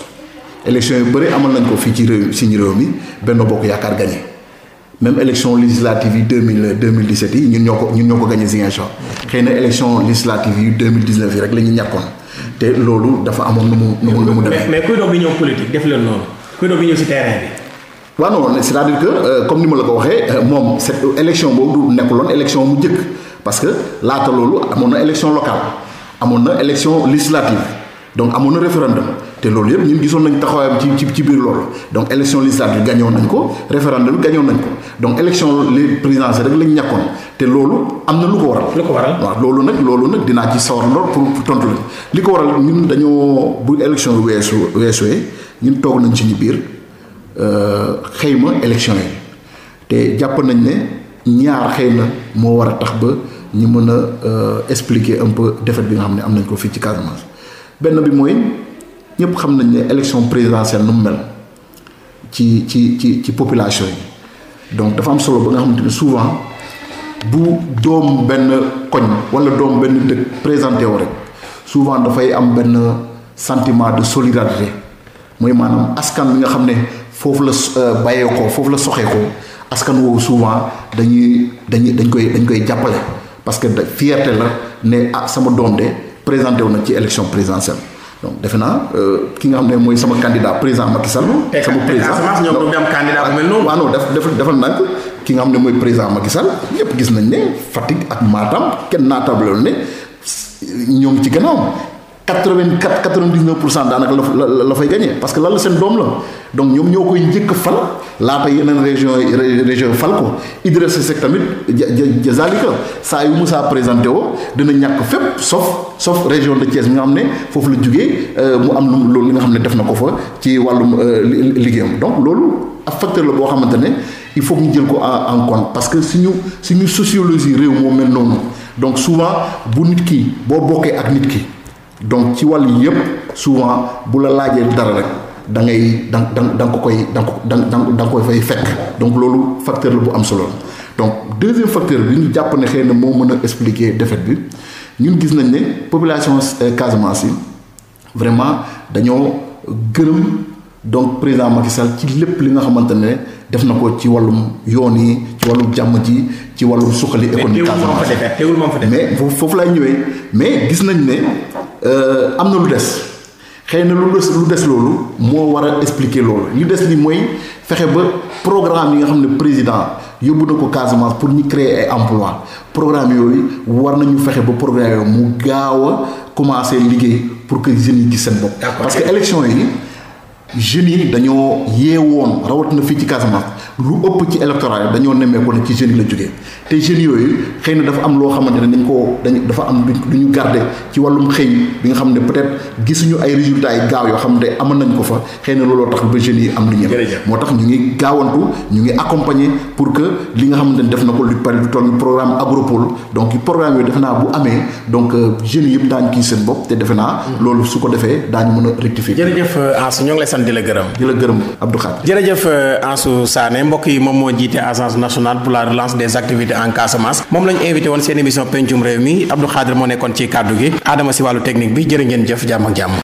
élection yu bëri amal nañ ko fii ci réew si ñu réew mi Benno Bokk Yaakaar gagné même élection législative yi 2000 2017 yi ñun ñoo ko ñun ñoo ko gagné Ziguinchor xëy na élection législative yi 2019 yi rek la ñu ñàkkoon. te loolu dafa amoon nu mu nu mu nu mu demee. mais kuy doog bi ñëw politique def leen noonu kuy doog bi ñëw ci terrain bi. waaw non c'est-à-dire que euh, comme ni ma la ko waxee euh, moom cette élection boobu du nekkuloon élection mu njëkk parce que laata loolu amoon na élection locale amoon na élection législative donc amoon na référendum. te loolu yëpp ñun gisoon nañ taxawaayam ci ci ci biir loolu donc élection législative gañoon nañ ko référendum gañoo nañ ko donc élection les présidentielles rek lañ ñàkkoon te loolu am na lu ko waral. lu ko waral waaw loolu nag loolu nag dinaa ci sawar ndoor pour tontu leen li ko waral ñun dañoo bu élection weesu weesu ñun toog nañ suñu biir euh, xëyma élection yi te jàpp nañ ne ñaar xëy na moo war a tax ba ñu mën a euh, expliquer un peu defet bi nga xam ne am nañ ko fii ci Casamance benn bi mooy. ñëpp xam nañ ne élection présidentielle nu mu mel ci ci ci ci population yi donc dafa am solo ba nga xamante ne souvent bu doom benn koñ wala doom benn dëkk présenté rek souvent dafay am benn sentiment de solidarité mooy maanaam askan bi nga xam ne foofu la euh, bàyyeekoo foofu la soxee askan woowu souvent dañuy dañuy dañ koy dañ koy jàppale parce que fierté la ne ah sama doom de présenté wu na ci élection présidentielle. donc defe naa euh, ki nga xam ne mooy sama candidat président Macky Sall. sama président Casamance ñoom du ñu am candidat def defal nag ki nga xam ne mooy président Macky Sall ñëpp gis nañ ne Fatick ak maatam kenn naatable ne ñoom ci gànnaaw quatre-vingt-quatre quatre-vingt-dix-neuf pour cent daanaka la la fay gagné parce que lan la seen doom la donc ñoom ñoo koy njëkk fal laata yeneen région région fal ko Idrissa Seck tamit jazalika saa yu Moussa présenté woo dina ñàkk fépp sauf sauf région de Thiès mi nga xam ne foofu la jugee euh, mu am loolu li nga xam ne def na ko fa ci wàllum euh, liggéeyam donc loolu ab la boo xamante ne il faut ñu jël ko en compte parce que suñu suñu sociologie réew moo mel noonu donc souvent bu nit ki boo bokkee ak nit ki. donc ci wàll yëpp souvent bu la laajee dara rek da ngay da da da ko koy da nga ko da nga koy fekk donc loolu facteur la bu am solo la donc deuxième facteur bi ñu jàpp ne na moo mën a expliquer défaite bi ñun gis nañ ne population euh, Casamance yi vraiment dañoo gërëm donc président Macky Sall ci lépp li nga xamante ne def na ko ci wàllum yoon yi ci wàllum jàmm ji ci wàllum suqali économique Casamance mais foofu laay ñëwee mais gis nañ ne Euh, am na lu des xëy na lu des lu des loolu moo war a expliquer loolu li des li mooy fexe ba programme yi nga xam ne président yóbbu na ko Casamance pour ñu créer ay emploi programme yooyu war nañu fexe ba programme yooyu mu gaaw a commencer liggéey pour que jeunes ci seen bopp. parce que élection yi. jeunes yi dañoo yeewoon rawatina fii ci Casamance lu ëpp ci électorat dañoo nemmeeku ne ci jeunes yi la jógee te jeunes yooyu xëy na dafa am loo xamante ne dañ ko dañ dafa am lu ñu garder ci wàllum xëy bi nga xam ne peut-être gisuñu ay résultats yi gaaw yoo xam ne amoon nañ ko fa xëy na looloo tax ba jeunes yi am lu ñëw moo tax ñu ngi gaawantu ñu ngi accompagner pour que li nga xamante ne def na ko lu pare lu programme agropole donc programme yooyu defe naa bu amee donc euh, jeunes yëpp daañu kii seen bopp te defe naa mm. loolu su ko defee daañu mën a rectifier euh, sant di la gërëm. di la gërëm Abdou Khadre. jërëjëf euh, Ansou Sané mbokk moom moo jiite agence nationale pour la relance des activités en Casamance moom la ñu invité woon seen émission pencum réew mi Abdou Khadre moo nekkoon ci kàddu gi Adama si wàllu technique bi jërë ngeen jëf jàmm ak jàmm.